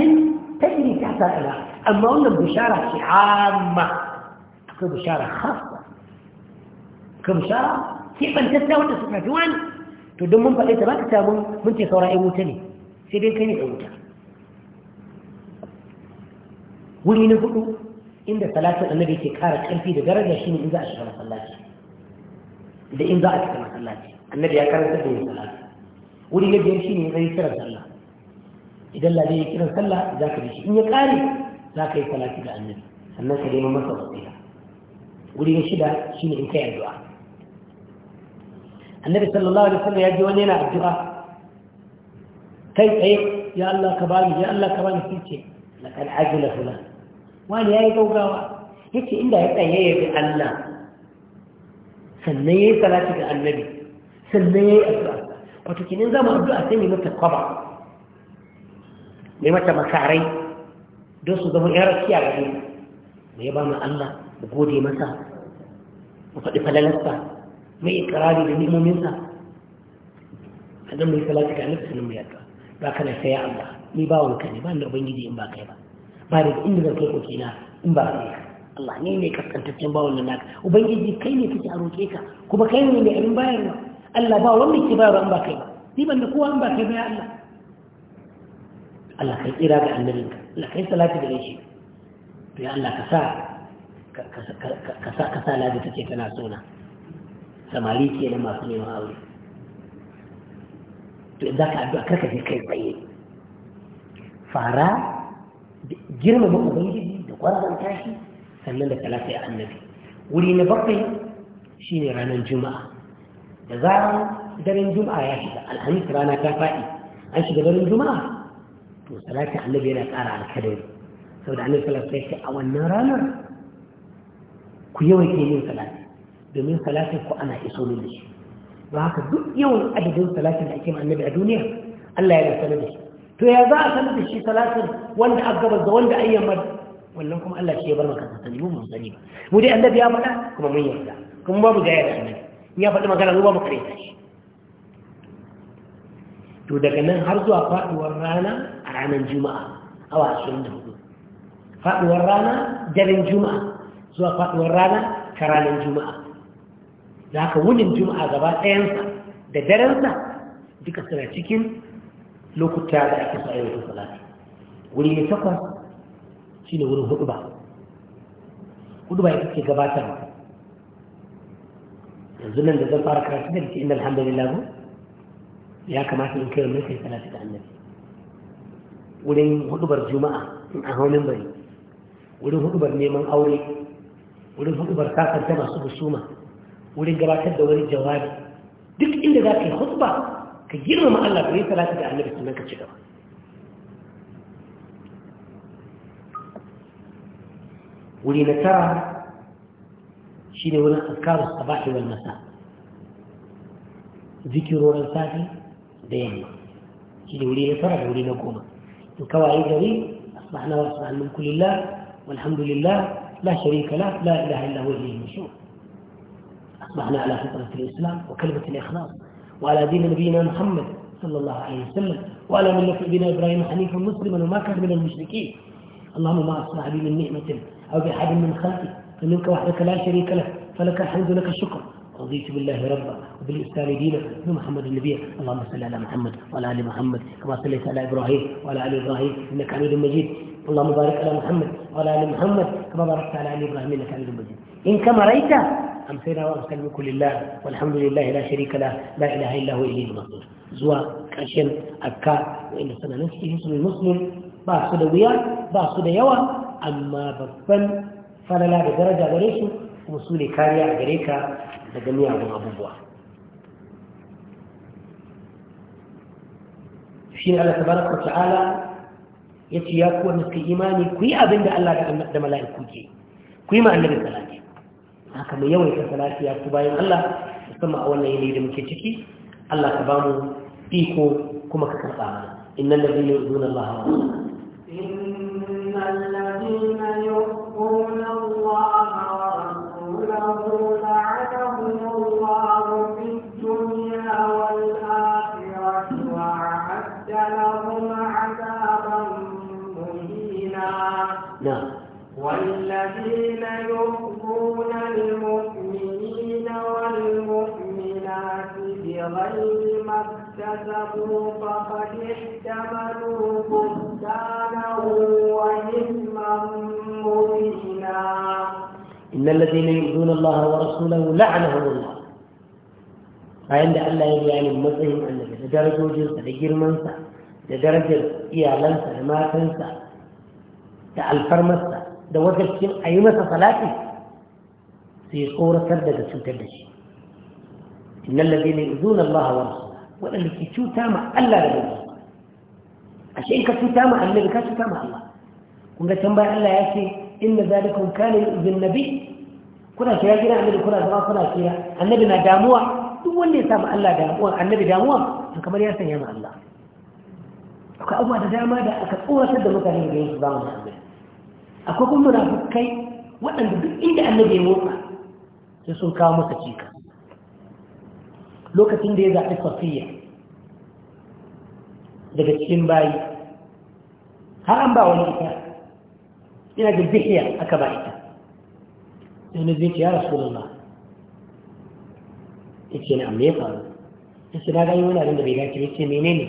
تجري تحت إلى أما قلنا بشارة عامة خاصة كبشارة كيف أن تستوى تسمع فإذا ما كتابون من تثورة إموتني سيدين كيني إموتا ولي إن صلاة النبي تكارت ألفي درجة شيني إذا أشغل صلاة da in za a cika masallaci annabi ya karanta da yin salati wuri na biyar shine zai kiran sallah idan lalle ya kiran sallah za ka bi shi in ya kare za ka yi salati da annabi sannan ka nemi masa wasiya wuri na shida shi ne in kai addu'a annabi sallallahu alaihi wasallam ya ji wani yana addu'a kai tsaye ya Allah ka bani ya Allah ka bani fice laqad ajila fulan wani yayi gaugawa yace inda ya tsaye ya bi Allah sannan ya yi salati ga annabi sannan ya yi addu'a wato kinin zama addu'a sai mai mata kwaba mai mata makarai don su zama yara kiya ga ne mai ba mu Allah da gode masa mu faɗi falalarsa mai ikirari da nimominsa a zan mai salati ga annabi sannan mai addu'a ba kana sai ya Allah ni ba wani ne ba ni da ubangiji in ba kai ba ba da inda zan kai kokina in ba kai ka Allah ne ne kaskantaccen bawan nan naka ubangiji kai ne kake a roƙe ka kuma kai ne mai abin bayarwa Allah ba wanda ke bayarwa an ba kai ba ni ban da kowa an ba kai ba ya Allah Allah kai tsira ga ka, Allah kai salati da shi to ya Allah ka sa ka sa ka sa ladi tace kana sona samari ke da masu neman aure to idan ka addu'a karka je kai tsaye fara girmama ubangiji da kwarzanta tashi. sannan da salati a annabi wuri na bakwai shine ranar juma'a da za zaran daren juma'a ya shiga alhamis rana ta faɗi an shiga daren juma'a to salati annabi yana ƙara alkadari saboda annabi sallallahu alaihi wasallam a wannan ranar ku yawaita yin salati domin salatin ku ana iso min da shi don haka duk yawan adadin salatin da ake annabi a duniya Allah ya sanar da shi to ya za a sanar da shi salatin wanda a gabas da wanda an yamma wannan kuma Allah shi ya bar maka sani mu mun sani ba mu dai annabi ya faɗa kuma mun yarda kuma ba mu ga yarda annabi ya faɗi magana mu ba mu kare shi to daga nan har zuwa faduwar rana a ranar juma'a awa 24 faduwar rana daren juma'a zuwa faduwar rana ta ranar juma'a da haka wunin juma'a gaba ɗayansa da darensa duka suna cikin lokuta da ake sa yau da salati wuri ne takwas ne wurin hudu ba hudu ba gabatar gabatarwa yanzu nan da zan fara karatu da ke inda alhamdulillah ya kamata in kai mai kai salatu da annabi wurin hudubar juma'a in a haunin bari wurin hudubar neman aure wurin hudubar kakanta masu husuma wurin gabatar da wani jawabi duk inda za ka yi hutuba ka girmama Allah ka yi salatu da annabi sannan ka ci gaba wuri na الأذكار الصباح والمساء ذكر askarus sabahi wal masa zikirorin safi da yamma shi ne wuri na tara da والحمد لله لا شريك له لا إله إلا هو إليه النشور أصبحنا على فطرة الإسلام وكلمة الإخلاص وعلى دين نبينا محمد صلى الله عليه وسلم وعلى ملة نبينا إبراهيم حنيفا مسلما وما كان من المشركين اللهم ما أصبح لي من نعمة أو بأحد من خلقك فمنك وحدك لا شريك له فلك الحمد لك الشكر رضيت بالله ربا وبالإسلام دينا بمحمد النبي اللهم صل على محمد وعلى آل محمد كما صليت على إبراهيم وعلى آل إبراهيم إنك حميد مجيد اللهم بارك على محمد وعلى آل محمد كما باركت على آل إبراهيم إنك حميد مجيد إن كما رأيت أمسينا بكل الله والحمد لله لا شريك له لا إله إلا هو إليه المصير زوا كاشن أكا وإن سنة نسكي اسم المسلم بعض سدويا بعض سديوا amma babban falala da daraja gare su kuma su ne kariya a gare ka daga miyagun abubuwa shi ne Allah ta'ala ya ce ya kuwa suke imani ku yi abin da Allah da mala'iku ke ku yi ma'annabin salati haka mai yawaita salati ya ku bayan Allah musamman a wannan yanayi da muke ciki Allah ka ba mu iko kuma ka karɓa mana innan da zai yi Allah والذين يؤذون المؤمنين والمؤمنات بغير ما اكتسبوا فقد احتملوا بهتانا وإثما مبينا إن الذين يؤذون الله ورسوله لعنهم الله فعند da Allah ya bayanin matsayin annabi da darajojinsa da girmansa da darajar iyalansa da matansa da wajabcin a yi masa salati sai tsoratar daga cutar da shi inna lalazi ne zuna Allah wa waɗanda ke cuta ma Allah da mutum ashe in ka cuta ma annabi ka cuta ma Allah kun ga can bayan Allah ya ce inna zalikum kana yu'zin nabi kuna kira kira annabi kuna zama kuna kira annabi na damuwa duk wanda ya samu Allah damuwa annabi damuwa to kamar ya sanya ma Allah akwai abubuwa da dama da aka tsoratar da mutane da yin su ba mu annabi akwai kuma munafukai waɗanda duk inda annabi ya motsa sai sun kawo masa cika lokacin da ya zaɓi safiya daga cikin bayi har an ba wani ita ina da bihiya aka ba ita sai na zai ce ya rasu lalla ya ce na amma ya faru ya ce na gani wani abin da bai dace ya ce menene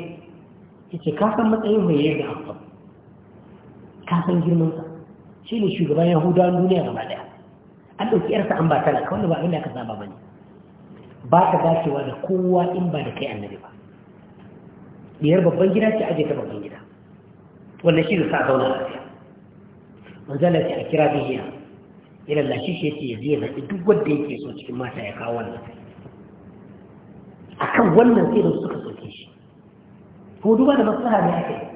ya ce ka san matsayin mai yadda abu ka san girmansa shi ne shugaban yahudawan duniya gaba daya an ɗauki yarsa an ba talaka wanda ba abin da aka zaba ba ne ba ta dacewa da kowa in ba da kai annabi ba diyar babban gida ce aje ta babban gida wannan shi ne sa zauna a lafiya manzala ce a kira bihiya yana lashi shi yake yaje ya duk wanda yake so cikin mata ya kawo wannan akan wannan sai da suka soke shi ko duba da maslaha ne aka yi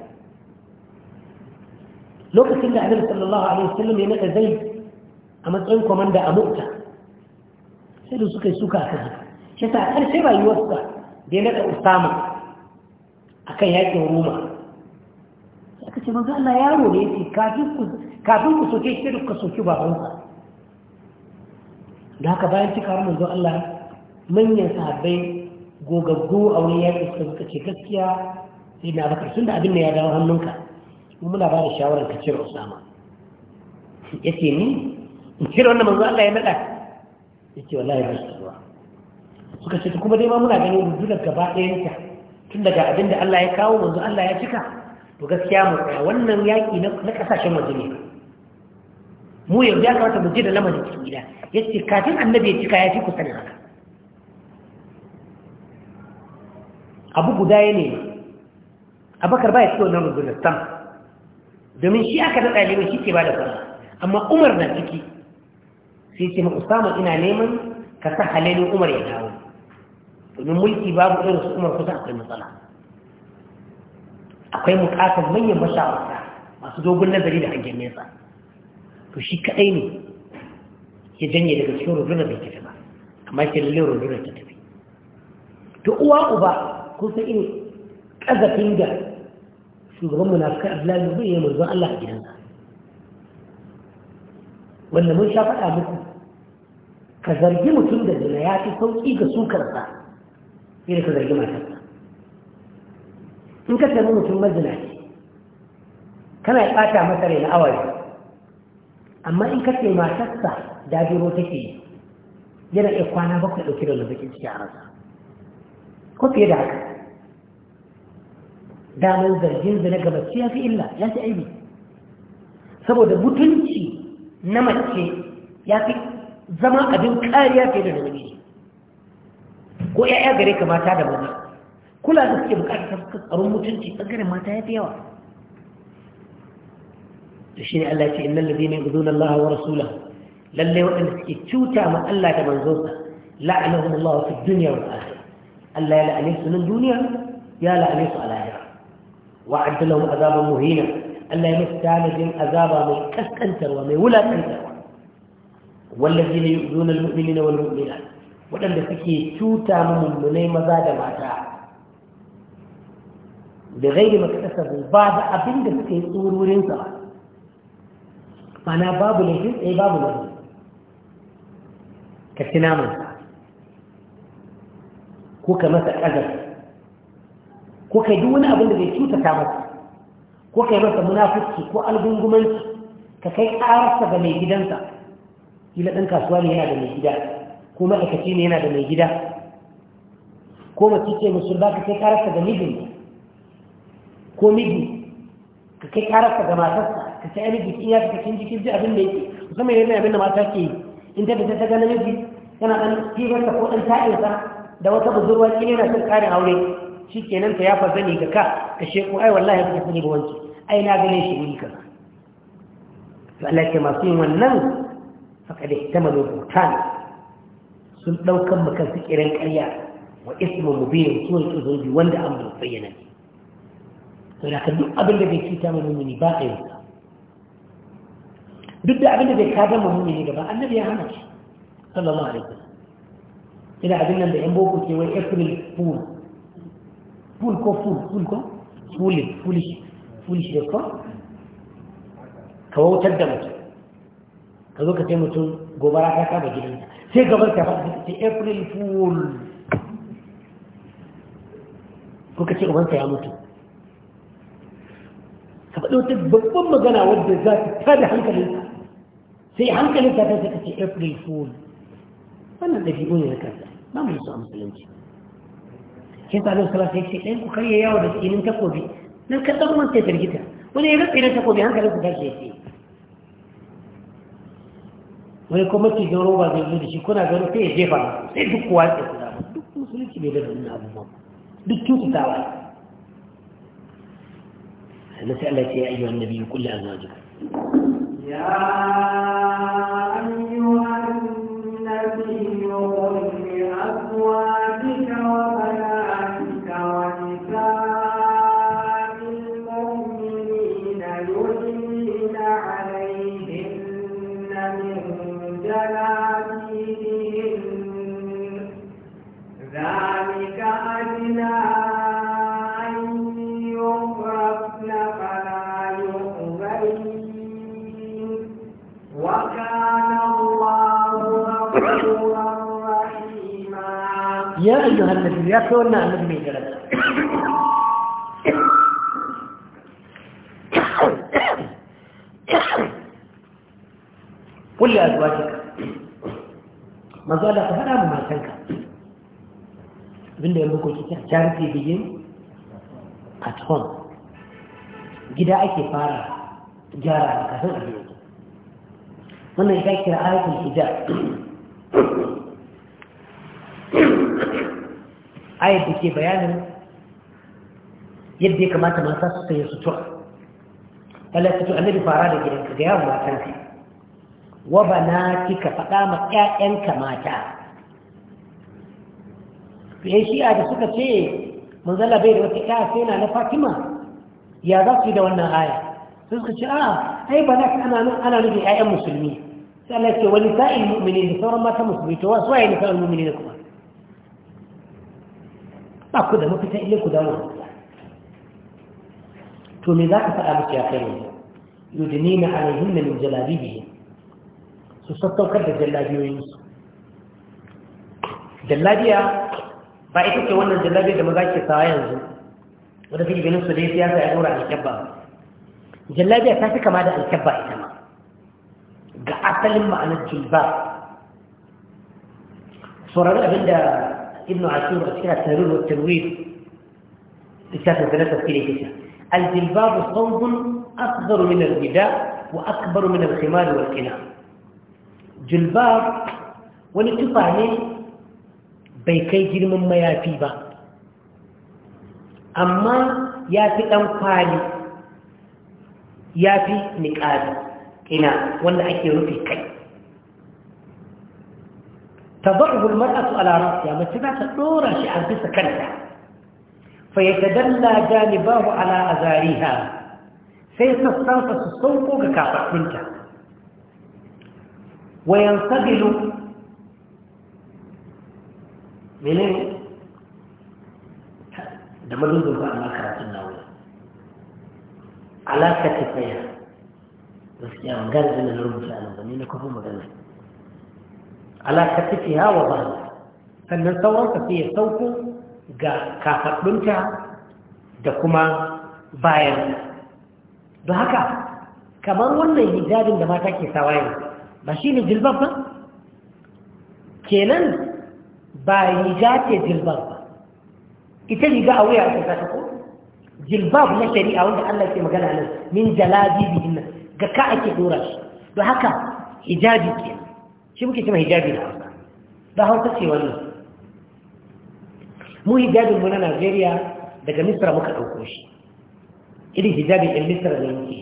lokacin da annabi sallallahu alaihi wasallam ya naka zai a matsayin komanda a mota sai da suka yi suka a kaji shi ta karshe rayuwarsa da ya naka usama kan yakin roma aka ce manzo Allah yaro ne yake kafin ku kafin ku soke shi da ku soki babansa da haka bayan cika manzo Allah manyan sahabbai gogaggo a wani yaƙi suka ce gaskiya sai na bakar tun da abin da ya dawo hannunka muna ba da shawarar ka cire usama ya ce ni in cire wannan manzo Allah ya naɗa ya ce wallahi ba shi zuwa suka ce kuma dai ma muna ganin rundunar gaba ɗayanta tun daga abin da Allah ya kawo manzo Allah ya cika to gaskiya mu tsaya wannan yaki na kasashen waje ne mu yanzu ya kamata mu je da lamarin cikin gida ya ce kafin annabi ya cika ya fi kusa da haka abu guda ya ne abakar ba ya ci wannan rundunar sam domin shi aka daɗa neman shi ke ba da amma umar na ciki sai ce usama ina neman ka sa umar ya dawo domin mulki babu irin su umar kusa akwai matsala akwai mukatar manyan mashawarta masu dogon nazari da hangen nesa to shi kaɗai ne ya janye daga cikin rundunar da tafi amma ke lalle rundunar ta tafi to uwa uba kusa san irin ƙazafin da shugaban munafikai abdullahi bai yi manzon Allah a gidansa wanda mun sha faɗa muku ka zargi mutum da zina ya fi sauƙi ga sukarsa sai ka zargi matarsa in ka tarbi mutum mazina ce kana ya ɓata masa rai na awari amma in ka ce matarsa biro take yi yana iya kwana bakwai ɗauki da wani bakin ciki a rasa ko fiye da haka Damar zargin zina ga mace ya fi illa ya fi aibi saboda mutunci na mace ya fi zama abin kariya fiye da namiji ko ya'ya gare ka mata da maza kula da suke bukatar tsaron mutunci ɓangaren mata ya fi yawa da shi ne Allah ce inna lalazi ne gudun Allah wa rasula lalle waɗanda suke cuta ma Allah da manzonsa la'anahum Allah fi duniya wa akhirah Allah ya la'ane su nan duniya ya la'ane su a وأعد لهم عذابا مهينا ألا يمستعمل عذابا من كسكنتر ومن ولا كنتر والذين يؤذون المؤمنين والمؤمنات waɗanda suke cuta mummunai maza da mata da gairi makasarsu ba da abin da suke tsororinsa ba mana babu laifin tsaye babu laifin ka ci ko masa ko kai duk wani abin da zai cutata masa ko kai masa munafurci ko algungumanci ka kai ƙararsa ga mai gidansa kila ɗan kasuwa ne yana da mai gida ko ma'aikaci ne yana da mai gida ko mace ce mai musulma ka kai ƙararsa ga mijin ko miji ka kai ƙararsa ga matarsa ka kai miji in ya ka kin jikin ji abin da yake musamman yana abin da mata ke yi in ta fita ta ga namiji yana ɗan fibarta ko ɗan ta'insa da wata budurwa kila yana son ƙarin aure shi kenan ka yafa zani ga ka ka sheku ai wallahi ba ka sani ba wanki ai na gane shi ne ka to Allah ke masu yin wannan faqad ihtamalu buhtan sun ɗaukan mu kan sikirin ƙarya wa ismu mubin sun yi zunubi wanda an bai bayyana ne to da kan duk abin da bai cuta mu mumini ba kai duk da abin da bai kada mu mumini gaba annabi ya hana shi sallallahu alaihi wasallam ina abin nan da yan boko ke wai april fool ful ko ful ful ko fulin fulish fulish da ko ka wautar da mutum ka zo ka ce mutum gobara ta kama gidansa sai gabar ta faɗi ta april fool ko ka ce ta ya mutu ka faɗi wata babban magana wadda za ta tada hankalinsa sai hankalinsa ta ta ka ce april fool wannan ɗabi'u ne na kansa ba mu yi su a musulunci shi ta alaihi salatu ya ɗan ku karya yawo da tsinin takobi nan ka ɗan manta ya firgita wani ya rantsa irin takobi hankalin ku tashi ya wani kuma ci don zai zo da shi kuna gano sai ya jefa sai duk kowa ya kuda duk musulunci bai da wannan abubuwan duk cututawa ne نسألك يا annabi ya kai wannan annabi mai daraja kulle a zuwa cika mazu ala ka faɗa mu matanka abinda ya muku cikin charity begin at home gida ake fara gyara kafin a biyu wannan ya kira ayatul hijab ayat da ke bayanin yadda ya kamata mata su sanya sutura Allah ya annabi fara da gidanka ga yawon matanka wa bana kika faɗa ma ƴaƴanka mata fiye shi'a da suka ce manzala bai da wata ƴa sai na na fatima ya za su yi da wannan aya sai suka ce a ai ba na ana nan ana nufin ƴaƴan musulmi sai Allah ya ce wani sa'il mu'mini da sauran mata musulmi to wasu waye ne sa'il mu'mini da kuma ba ku da mafita ile ku dawo to me za ka faɗa miki a kai ne yudinina alaihinna min jalabibihi su sassaukar da jallabiyoyinsu jallabiya ba ita ce wannan jallabiya da maza ke sawa yanzu wadda take ganin su dai siyasa ya dora alkyabba jallabiya ta fi kama da alkyabba ita ma ga asalin ma'anar jilba saurari abinda ibnu ashur a cikin tarur wa tarwir littafin da na tafsiri ke shi aljilbabu saubun asghar min albida wa akbar min alkhimar wal qina jilbab wani tufa bai kai girman mayafi ba amma yafi fi ɗan kwali yafi fi niƙari ina wanda ake rufe kai تضعه المرأة على رأسها شيء عن شيئا بسكنها فيتدلى جانباه على أزاريها سيتستنفس الصوت منك وينتقل منين da malubin ba amma karatun na wuri alaka ta tsaya gaskiya magana da na rubuta ala katifiha wa zahra sannan sauransa sai ya sauko ga kafaɗinta da kuma bayan don haka kamar wannan hijabin da mata ke sawa ba shi ne jilbab ba kenan ba riga ce jilbab ba ita riga a wuya ake ta ko jilbab na shari'a wanda Allah ke magana nan min jalabi bihin nan ga ka ake dora shi don haka hijabi kenan shi muke cima hijabi da hausa da hausa ce wani mu hijabin mu na najeriya daga misra muka ɗauko shi irin hijabin ɗin misra ne muke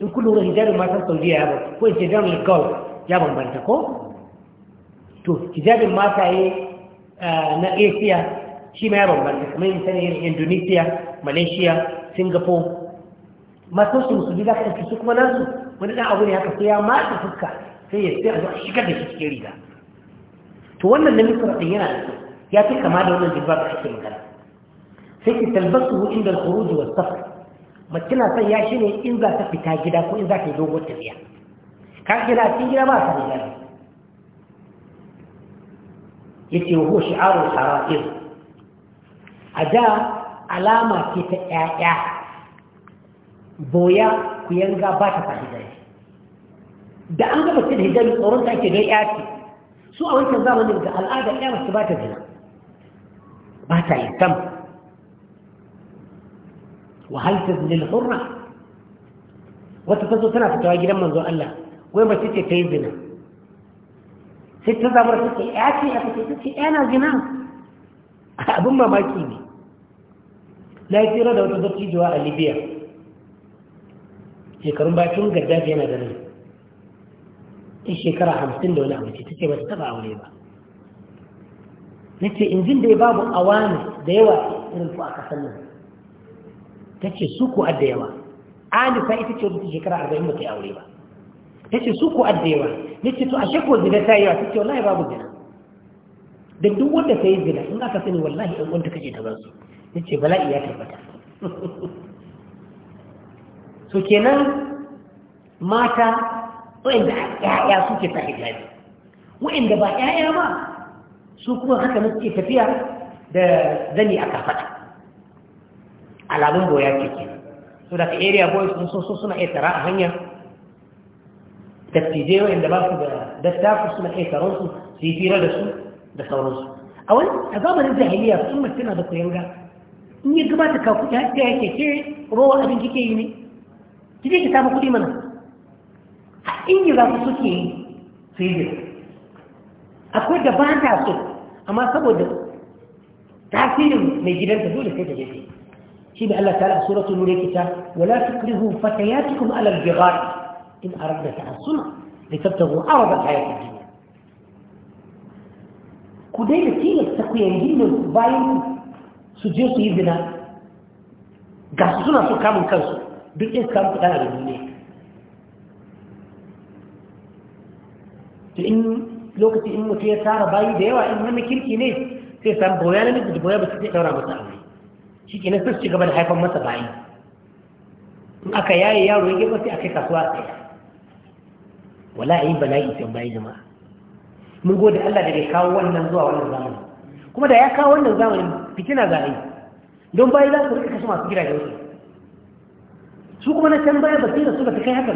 in kullum ga hijabin matan saudiya ya bambanta ko in ce jami'in gulf ya bambanta ko to hijabin mataye eh, na asia shi ma ya bambanta kamar yin sanayin indonesia malaysia singapore masu su musulmi za ka ɗauki su kuma nasu wani ɗan abu ne haka sai ya matsa fuska sai ya sai a shigar da shi cikin riga to wannan na misra din yana da ya fi kama da wannan jirba da ake magana sai ki talbasu inda da khuruj wa safar mace na son ya shi ne in za ta fita gida ko in za ta yi dogon tafiya ka gida cikin gida ba ta da Ya ce wa huwa shi'arul hara'ir a da alama ce ta ƴaƴa boya ku yanga ba ta fahimta da an gaba mace da hijabi tsoron ta ake ga ya ce su a wancan zamanin ga al'adar ya mace ba ta zina ba ta yi sam wa hal tazni al hurra wata tazo tana fitawa gidan manzon Allah wai mace ce ta yi zina sai ta zamar ta ce ya ce ya ce ta ce yana zina abin mamaki ne na yi tsira da wata dattijuwa a libya shekarun bakin gaddafi yana da nan ta shekara hamsin da wani abu ce ta ba ta taba aure ba nace injin da ya babu awani da yawa irin ku a kasan nan ce su ku adda yawa fa ita ce wata shekara arba'in ba ta yi aure ba ta ce su ku adda yawa nace to a ko zina ta yi yawa ce wallahi babu zina da duk wanda ta yi zina in aka sani wallahi ɗan wanda kake ta na ce bala'i ya tabbata so kenan mata wa'inda ƴaƴa suke sa hijabi wa'inda ba ƴaƴa ba su kuma haka na suke tafiya da zani a kafata alamun boya ke ke so daga area boys sun so suna iya tara a hanya dattijai wa'inda ba su da dattafu suna iya taron su su yi fira da su da sauransu a wani a zamanin jahiliya sun mace na da kuyanga in yi gabata kafu kuɗi hatta ya ke ke rowa abin kike yi ne je ki samu kuɗi mana inyi ingira su suke su yi akwai da ba ta so amma saboda tasirin mai gidanta dole sai da yake shi ne Allah ta'ala suratul nur yake ta wala tukrihu fatayatukum ala al-bighar in aradna ta'assuna litabtagu arada hayati dunya ku dai da daina ta ku yayin nan bayan su je su yi bina ga su suna so kamun kansu duk in kamun kuɗa a duniya in lokaci in mutu ya tara bayi da yawa in wani kirki ne sai san boya na miji da boya ba su zai daura masa aure shi ke nan sai su gaba da haifan masa bayi in aka yaye yaro ya gefa sai a kai kasuwa a tsaya wala a yi bala'i sai bayi jama'a mun gode Allah da bai kawo wannan zuwa wannan zamanin kuma da ya kawo wannan zamanin fitina za a yi don bayi za su rika kashe masu da wasu su kuma na can baya basira su ba ta kai haka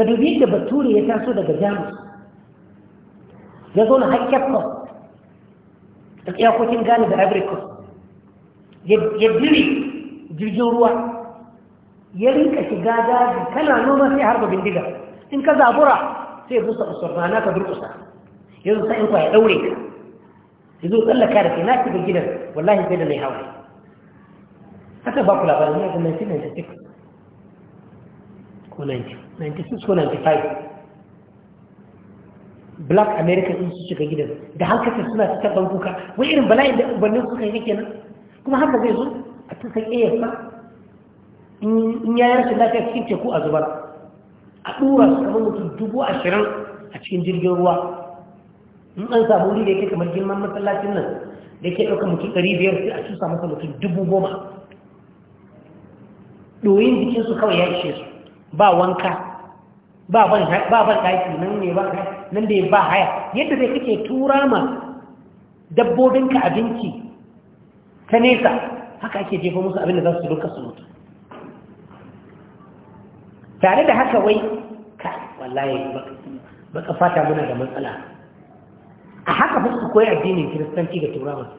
ka dubi da bature ya taso daga jamus ya zo na haƙƙar kwas da iyakokin gani da ivory coast ya jiri jirgin ruwa ya rinka shiga daji kana noma sai harba bindiga in ka zabura sai busa usur rana ka durkusa yanzu sa'in kwa ya daure ka yanzu tsallaka da ke na shiga gidan wallahi sai da mai hawa haka ba ku labarin ne ga 1996 ko 90 96 ko 95 black american sun su shiga gidan da hankalin suna fitar da kuka wai irin bala'in da ubannin suka yi kenan kuma haka zai zo a tusan ayyarsa in ya yarsa lafiya cikin teku a zubar a ɗora su kamar mutum dubu ashirin a cikin jirgin ruwa in an samu wuri da yake kamar girman masallacin nan da yake ɗaukar mutum ɗari biyar sai a cusa masa mutum dubu goma ɗoyin jikinsu kawai ya ishe su ba wanka ba ban ɗaki nan ne ba nan da ba haya yadda zai kake tura ma dabbobinka abinci ta nesa haka ake jefa musu abin da za su duka su mutu tare da haka wai ka wallaye baka fata muna da matsala a haka fuska koyi addinin kiristanci da masu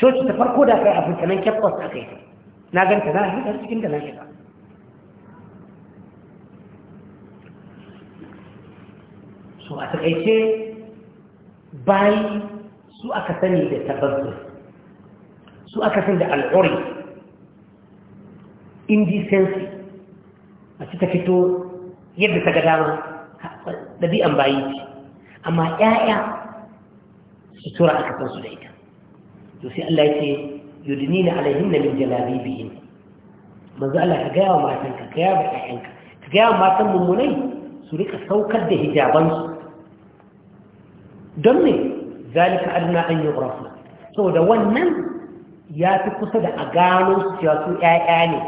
coci ta farko da kai a fitanen a kai na ganta na hidar cikin da na shiga so a taƙaice bayi su aka sani da tabazzur su aka sani da al'uri indecency a cika fito yadda ta ga dama ɗabi'an bayi ce amma ‘ya'ya sutura aka san su da ita to sai Allah ya ce yudini na alayhin na min jalabi biyin manzu Allah ka gaya wa matanka ka gaya wa ‘ya'yanka ka gaya wa matan mummunai su rika saukar da hijabansu don ne zalika adna an yi ƙurafuna saboda wannan ya fi kusa da a gano su cewa su ‘ya'ya ne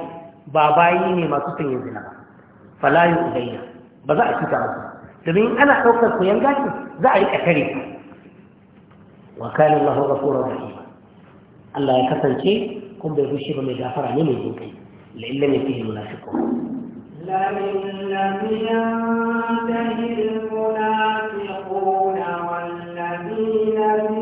ba bayi ne masu sanya zina ba falayu ulayya ba za a cuta musu domin ana ɗaukar koyon gashi za a riƙa kare wa kayan Allah ga furar rahima Allah ya kasance kun bai rushe ba mai gafara ne mai jinkai la'illa ne fiye munafiqun la min lam yantahi al الناس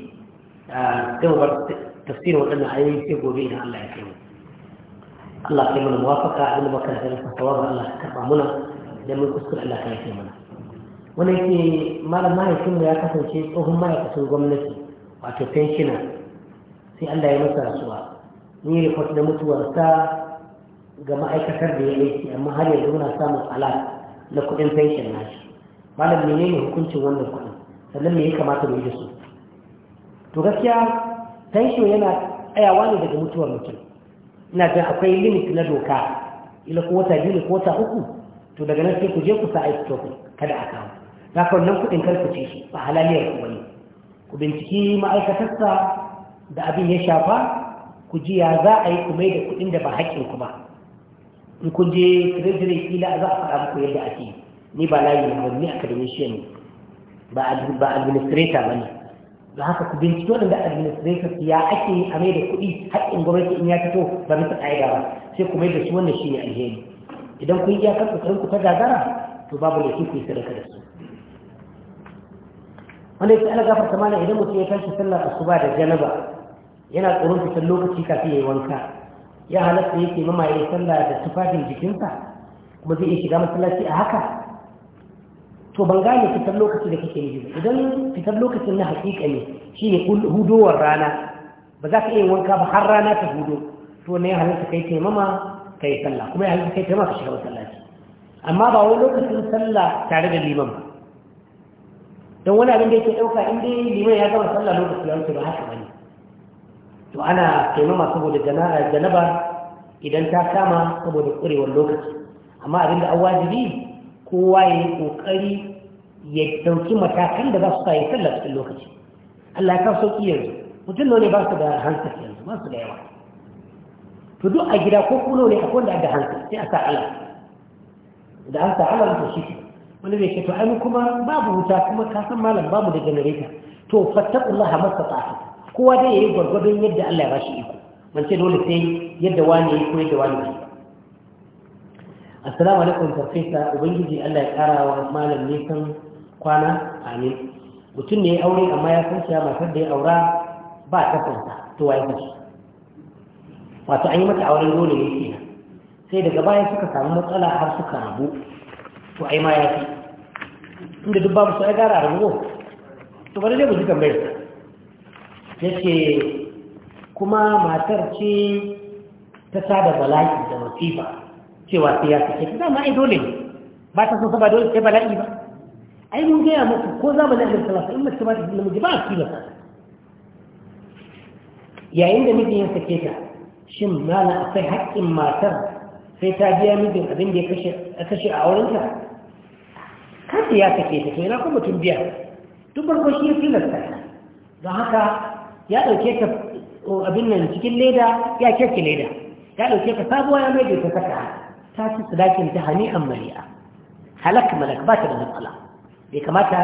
gawar tafsirin waɗannan ayoyi sai gobe idan Allah ya kai mu Allah kai mana muwafaka a ilmi makaranta da fasawa ga Allah karɓa muna idan mun kuskure Allah ya kai mana wani yake malam mahaifin mu ya kasance tsohon ma'aikacin gwamnati wato pensioner sai Allah ya masa rasuwa ni report na mutuwarsa ga ma'aikatar da ya aiki amma har yanzu muna samun alat na kuɗin pension nashi malam menene hukuncin wannan kuɗin sannan me ya kamata mu yi da su to gaskiya tension yana tsayawa ne daga mutuwar mutum ina ga akwai limit na doka ila ko wata biyu ko wata uku to daga nan sai ku je ku sa ice to kada a kawo na kan nan kuɗin kar ku ci shi ba halaliyar ku bane ku binciki ma'aikatarsa da abin ya shafa ku ji ya za a yi ku mai da kuɗin da ba haƙƙin ku ba in kun je treasury kila za a faɗa muku yadda ake ni ba layi ne ba ni academician ba administrator ba ne da haka ku binciki waɗanda administrators ya ake a mai da kuɗi haƙƙin gwamnati in ya fito ba bisa ƙa'ida ba sai ku mai da su wannan shi ne alheri idan kun iya kan ku ta gagara to babu laifi ku yi sadaka da su wanda yake ana gafarta mana idan mutum ya tashi su ba da janaba yana tsoron fitar lokaci kafin ya yi wanka ya halatta yake mamaye sallah da tufafin jikinsa kuma zai iya shiga masallaci a haka to ban gane fitar lokaci da kake yi idan fitar lokacin na hakika ne shi ne hudowar rana ba za ka iya wanka ba har rana ta hudo to ne halitta kai taimama ka yi sallah kuma ya halitta kai taimama ka shiga masallaci amma ba wani lokacin sallah tare da liman ba don wani abin da yake ɗauka in dai liman ya gama sallah lokacin ya wuce ba haka ba ne, to ana taimama saboda janaba idan ta kama saboda ƙurewar lokaci amma abin da an wajibi kowa ya yi ƙoƙari ya ɗauki matakan da za su sa ya sallah cikin lokaci Allah ya kawo sauƙi yanzu mutum ne ba su da hankali yanzu ba su da yawa to duk a gida ko kuno ne akwai da da hankali sai a sa Allah da an sa Allah ta shi wani bai ce to ai kuma babu wuta kuma ka san malam babu da generator to fattaqullaha masata'tu kowa dai yayi gwargwadon yadda Allah ya bashi iko Wancan ce dole sai yadda wani yayi ko yadda wani yayi assalamu alaikum farfesa ubangiji allah ya kara wa malam nisan kwana amin mutum ne ya aure amma ya san cewa matar da ya aura ba ta kanta to wai Ba wato an yi mata auren dole ne kina sai daga baya suka samu matsala har suka rabu to ai ma ya fi inda duk babu su ai gara rabu to bari dai mu ji tambayar yace kuma matar ce ta sada bala'i da masifa cewa sai ya sake ta ma ai dole ne ba ta so ba dole sai bala'i ba ai mun gaya muku ko zamanin annabi sallallahu alaihi wasallam in mace ba ta da namiji ba a tilasta yayin da mijin ya sake ta shin mala akwai haƙƙin matar sai ta biya mijin abin da ya kashe a wurinta kada ya sake ta to ina kuma mutum biya tun farko shi ya tilasta don haka ya ɗauke ka abin nan cikin leda ya kyakki leda ya ɗauke ka sabuwa ya mai da ta saka ta ci sadakin ta hani an mari'a halak malak ba ta da matsala bai kamata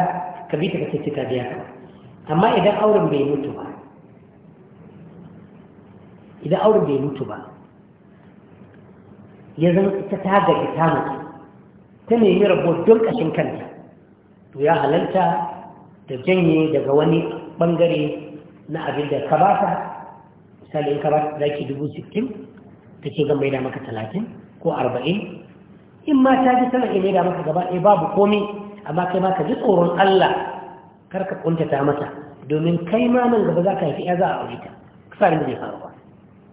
ka bi ta kace ka biya amma idan auren bai mutu ba idan auren bai mutu ba ya zama ita ta gaji ta mutu ta nemi rabo don kashin kanta to ya halalta da janye daga wani bangare na abin da ka ba ta misali in ka ba ta dubu sittin ta ce zan mai da maka talatin ko arba'in in ma ta ji sanar ya da maka gaba ɗaya babu komi amma kai ma ka ji tsoron Allah kar ka kuntata mata domin kai ma nan gaba za ka haifi ya za a aure ta kasa da zai faru ba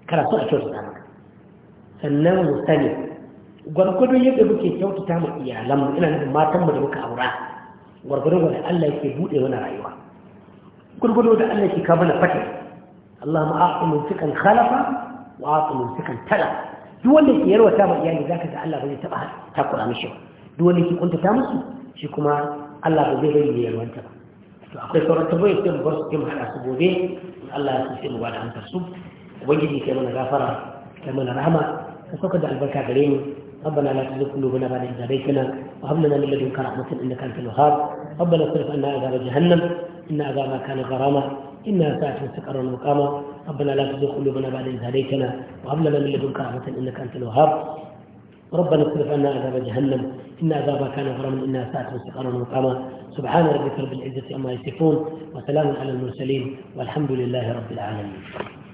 kana so a kyautata maka sannan mu sani gwargwadon yadda muke kyautata mu iyalanmu ina nufin matanmu da muka aura gwargwadon wanda Allah yake buɗe mana rayuwa gwargwadon da Allah yake kawo mana fatin Allahumma a'ti kalafa, khalafa wa a'ti mumsikan talaba duk wanda ke yarwata ma iyali zaka ga Allah ba zai taba takura mishi ba duk wanda ke kuntata musu shi kuma Allah ba zai bari ya yarwanta ba to akwai sauran tambayoyi sai mu bar su mu hada su gobe in Allah ya so mu ba da amsar su ubangiji kai mana gafara kai mana rahama ka da albarka gare ni ربنا لا تزغ قلوبنا بعد إذ هديتنا وهب لنا من لدنك رحمة إنك أنت الوهاب ربنا اصرف عنا عذاب جهنم إن عذابها كان غراما إنها ساءت مستقرا مقاما ربنا لا تزغ قلوبنا بعد إذ هديتنا وهب لنا من لدنك رحمة إنك أنت الوهاب ربنا اصرف عنا عذاب جهنم إن عذابها كان غراما إنها ساءت مستقرا ومقاما سبحان ربك رب العزة عما يصفون وسلام على المرسلين والحمد لله رب العالمين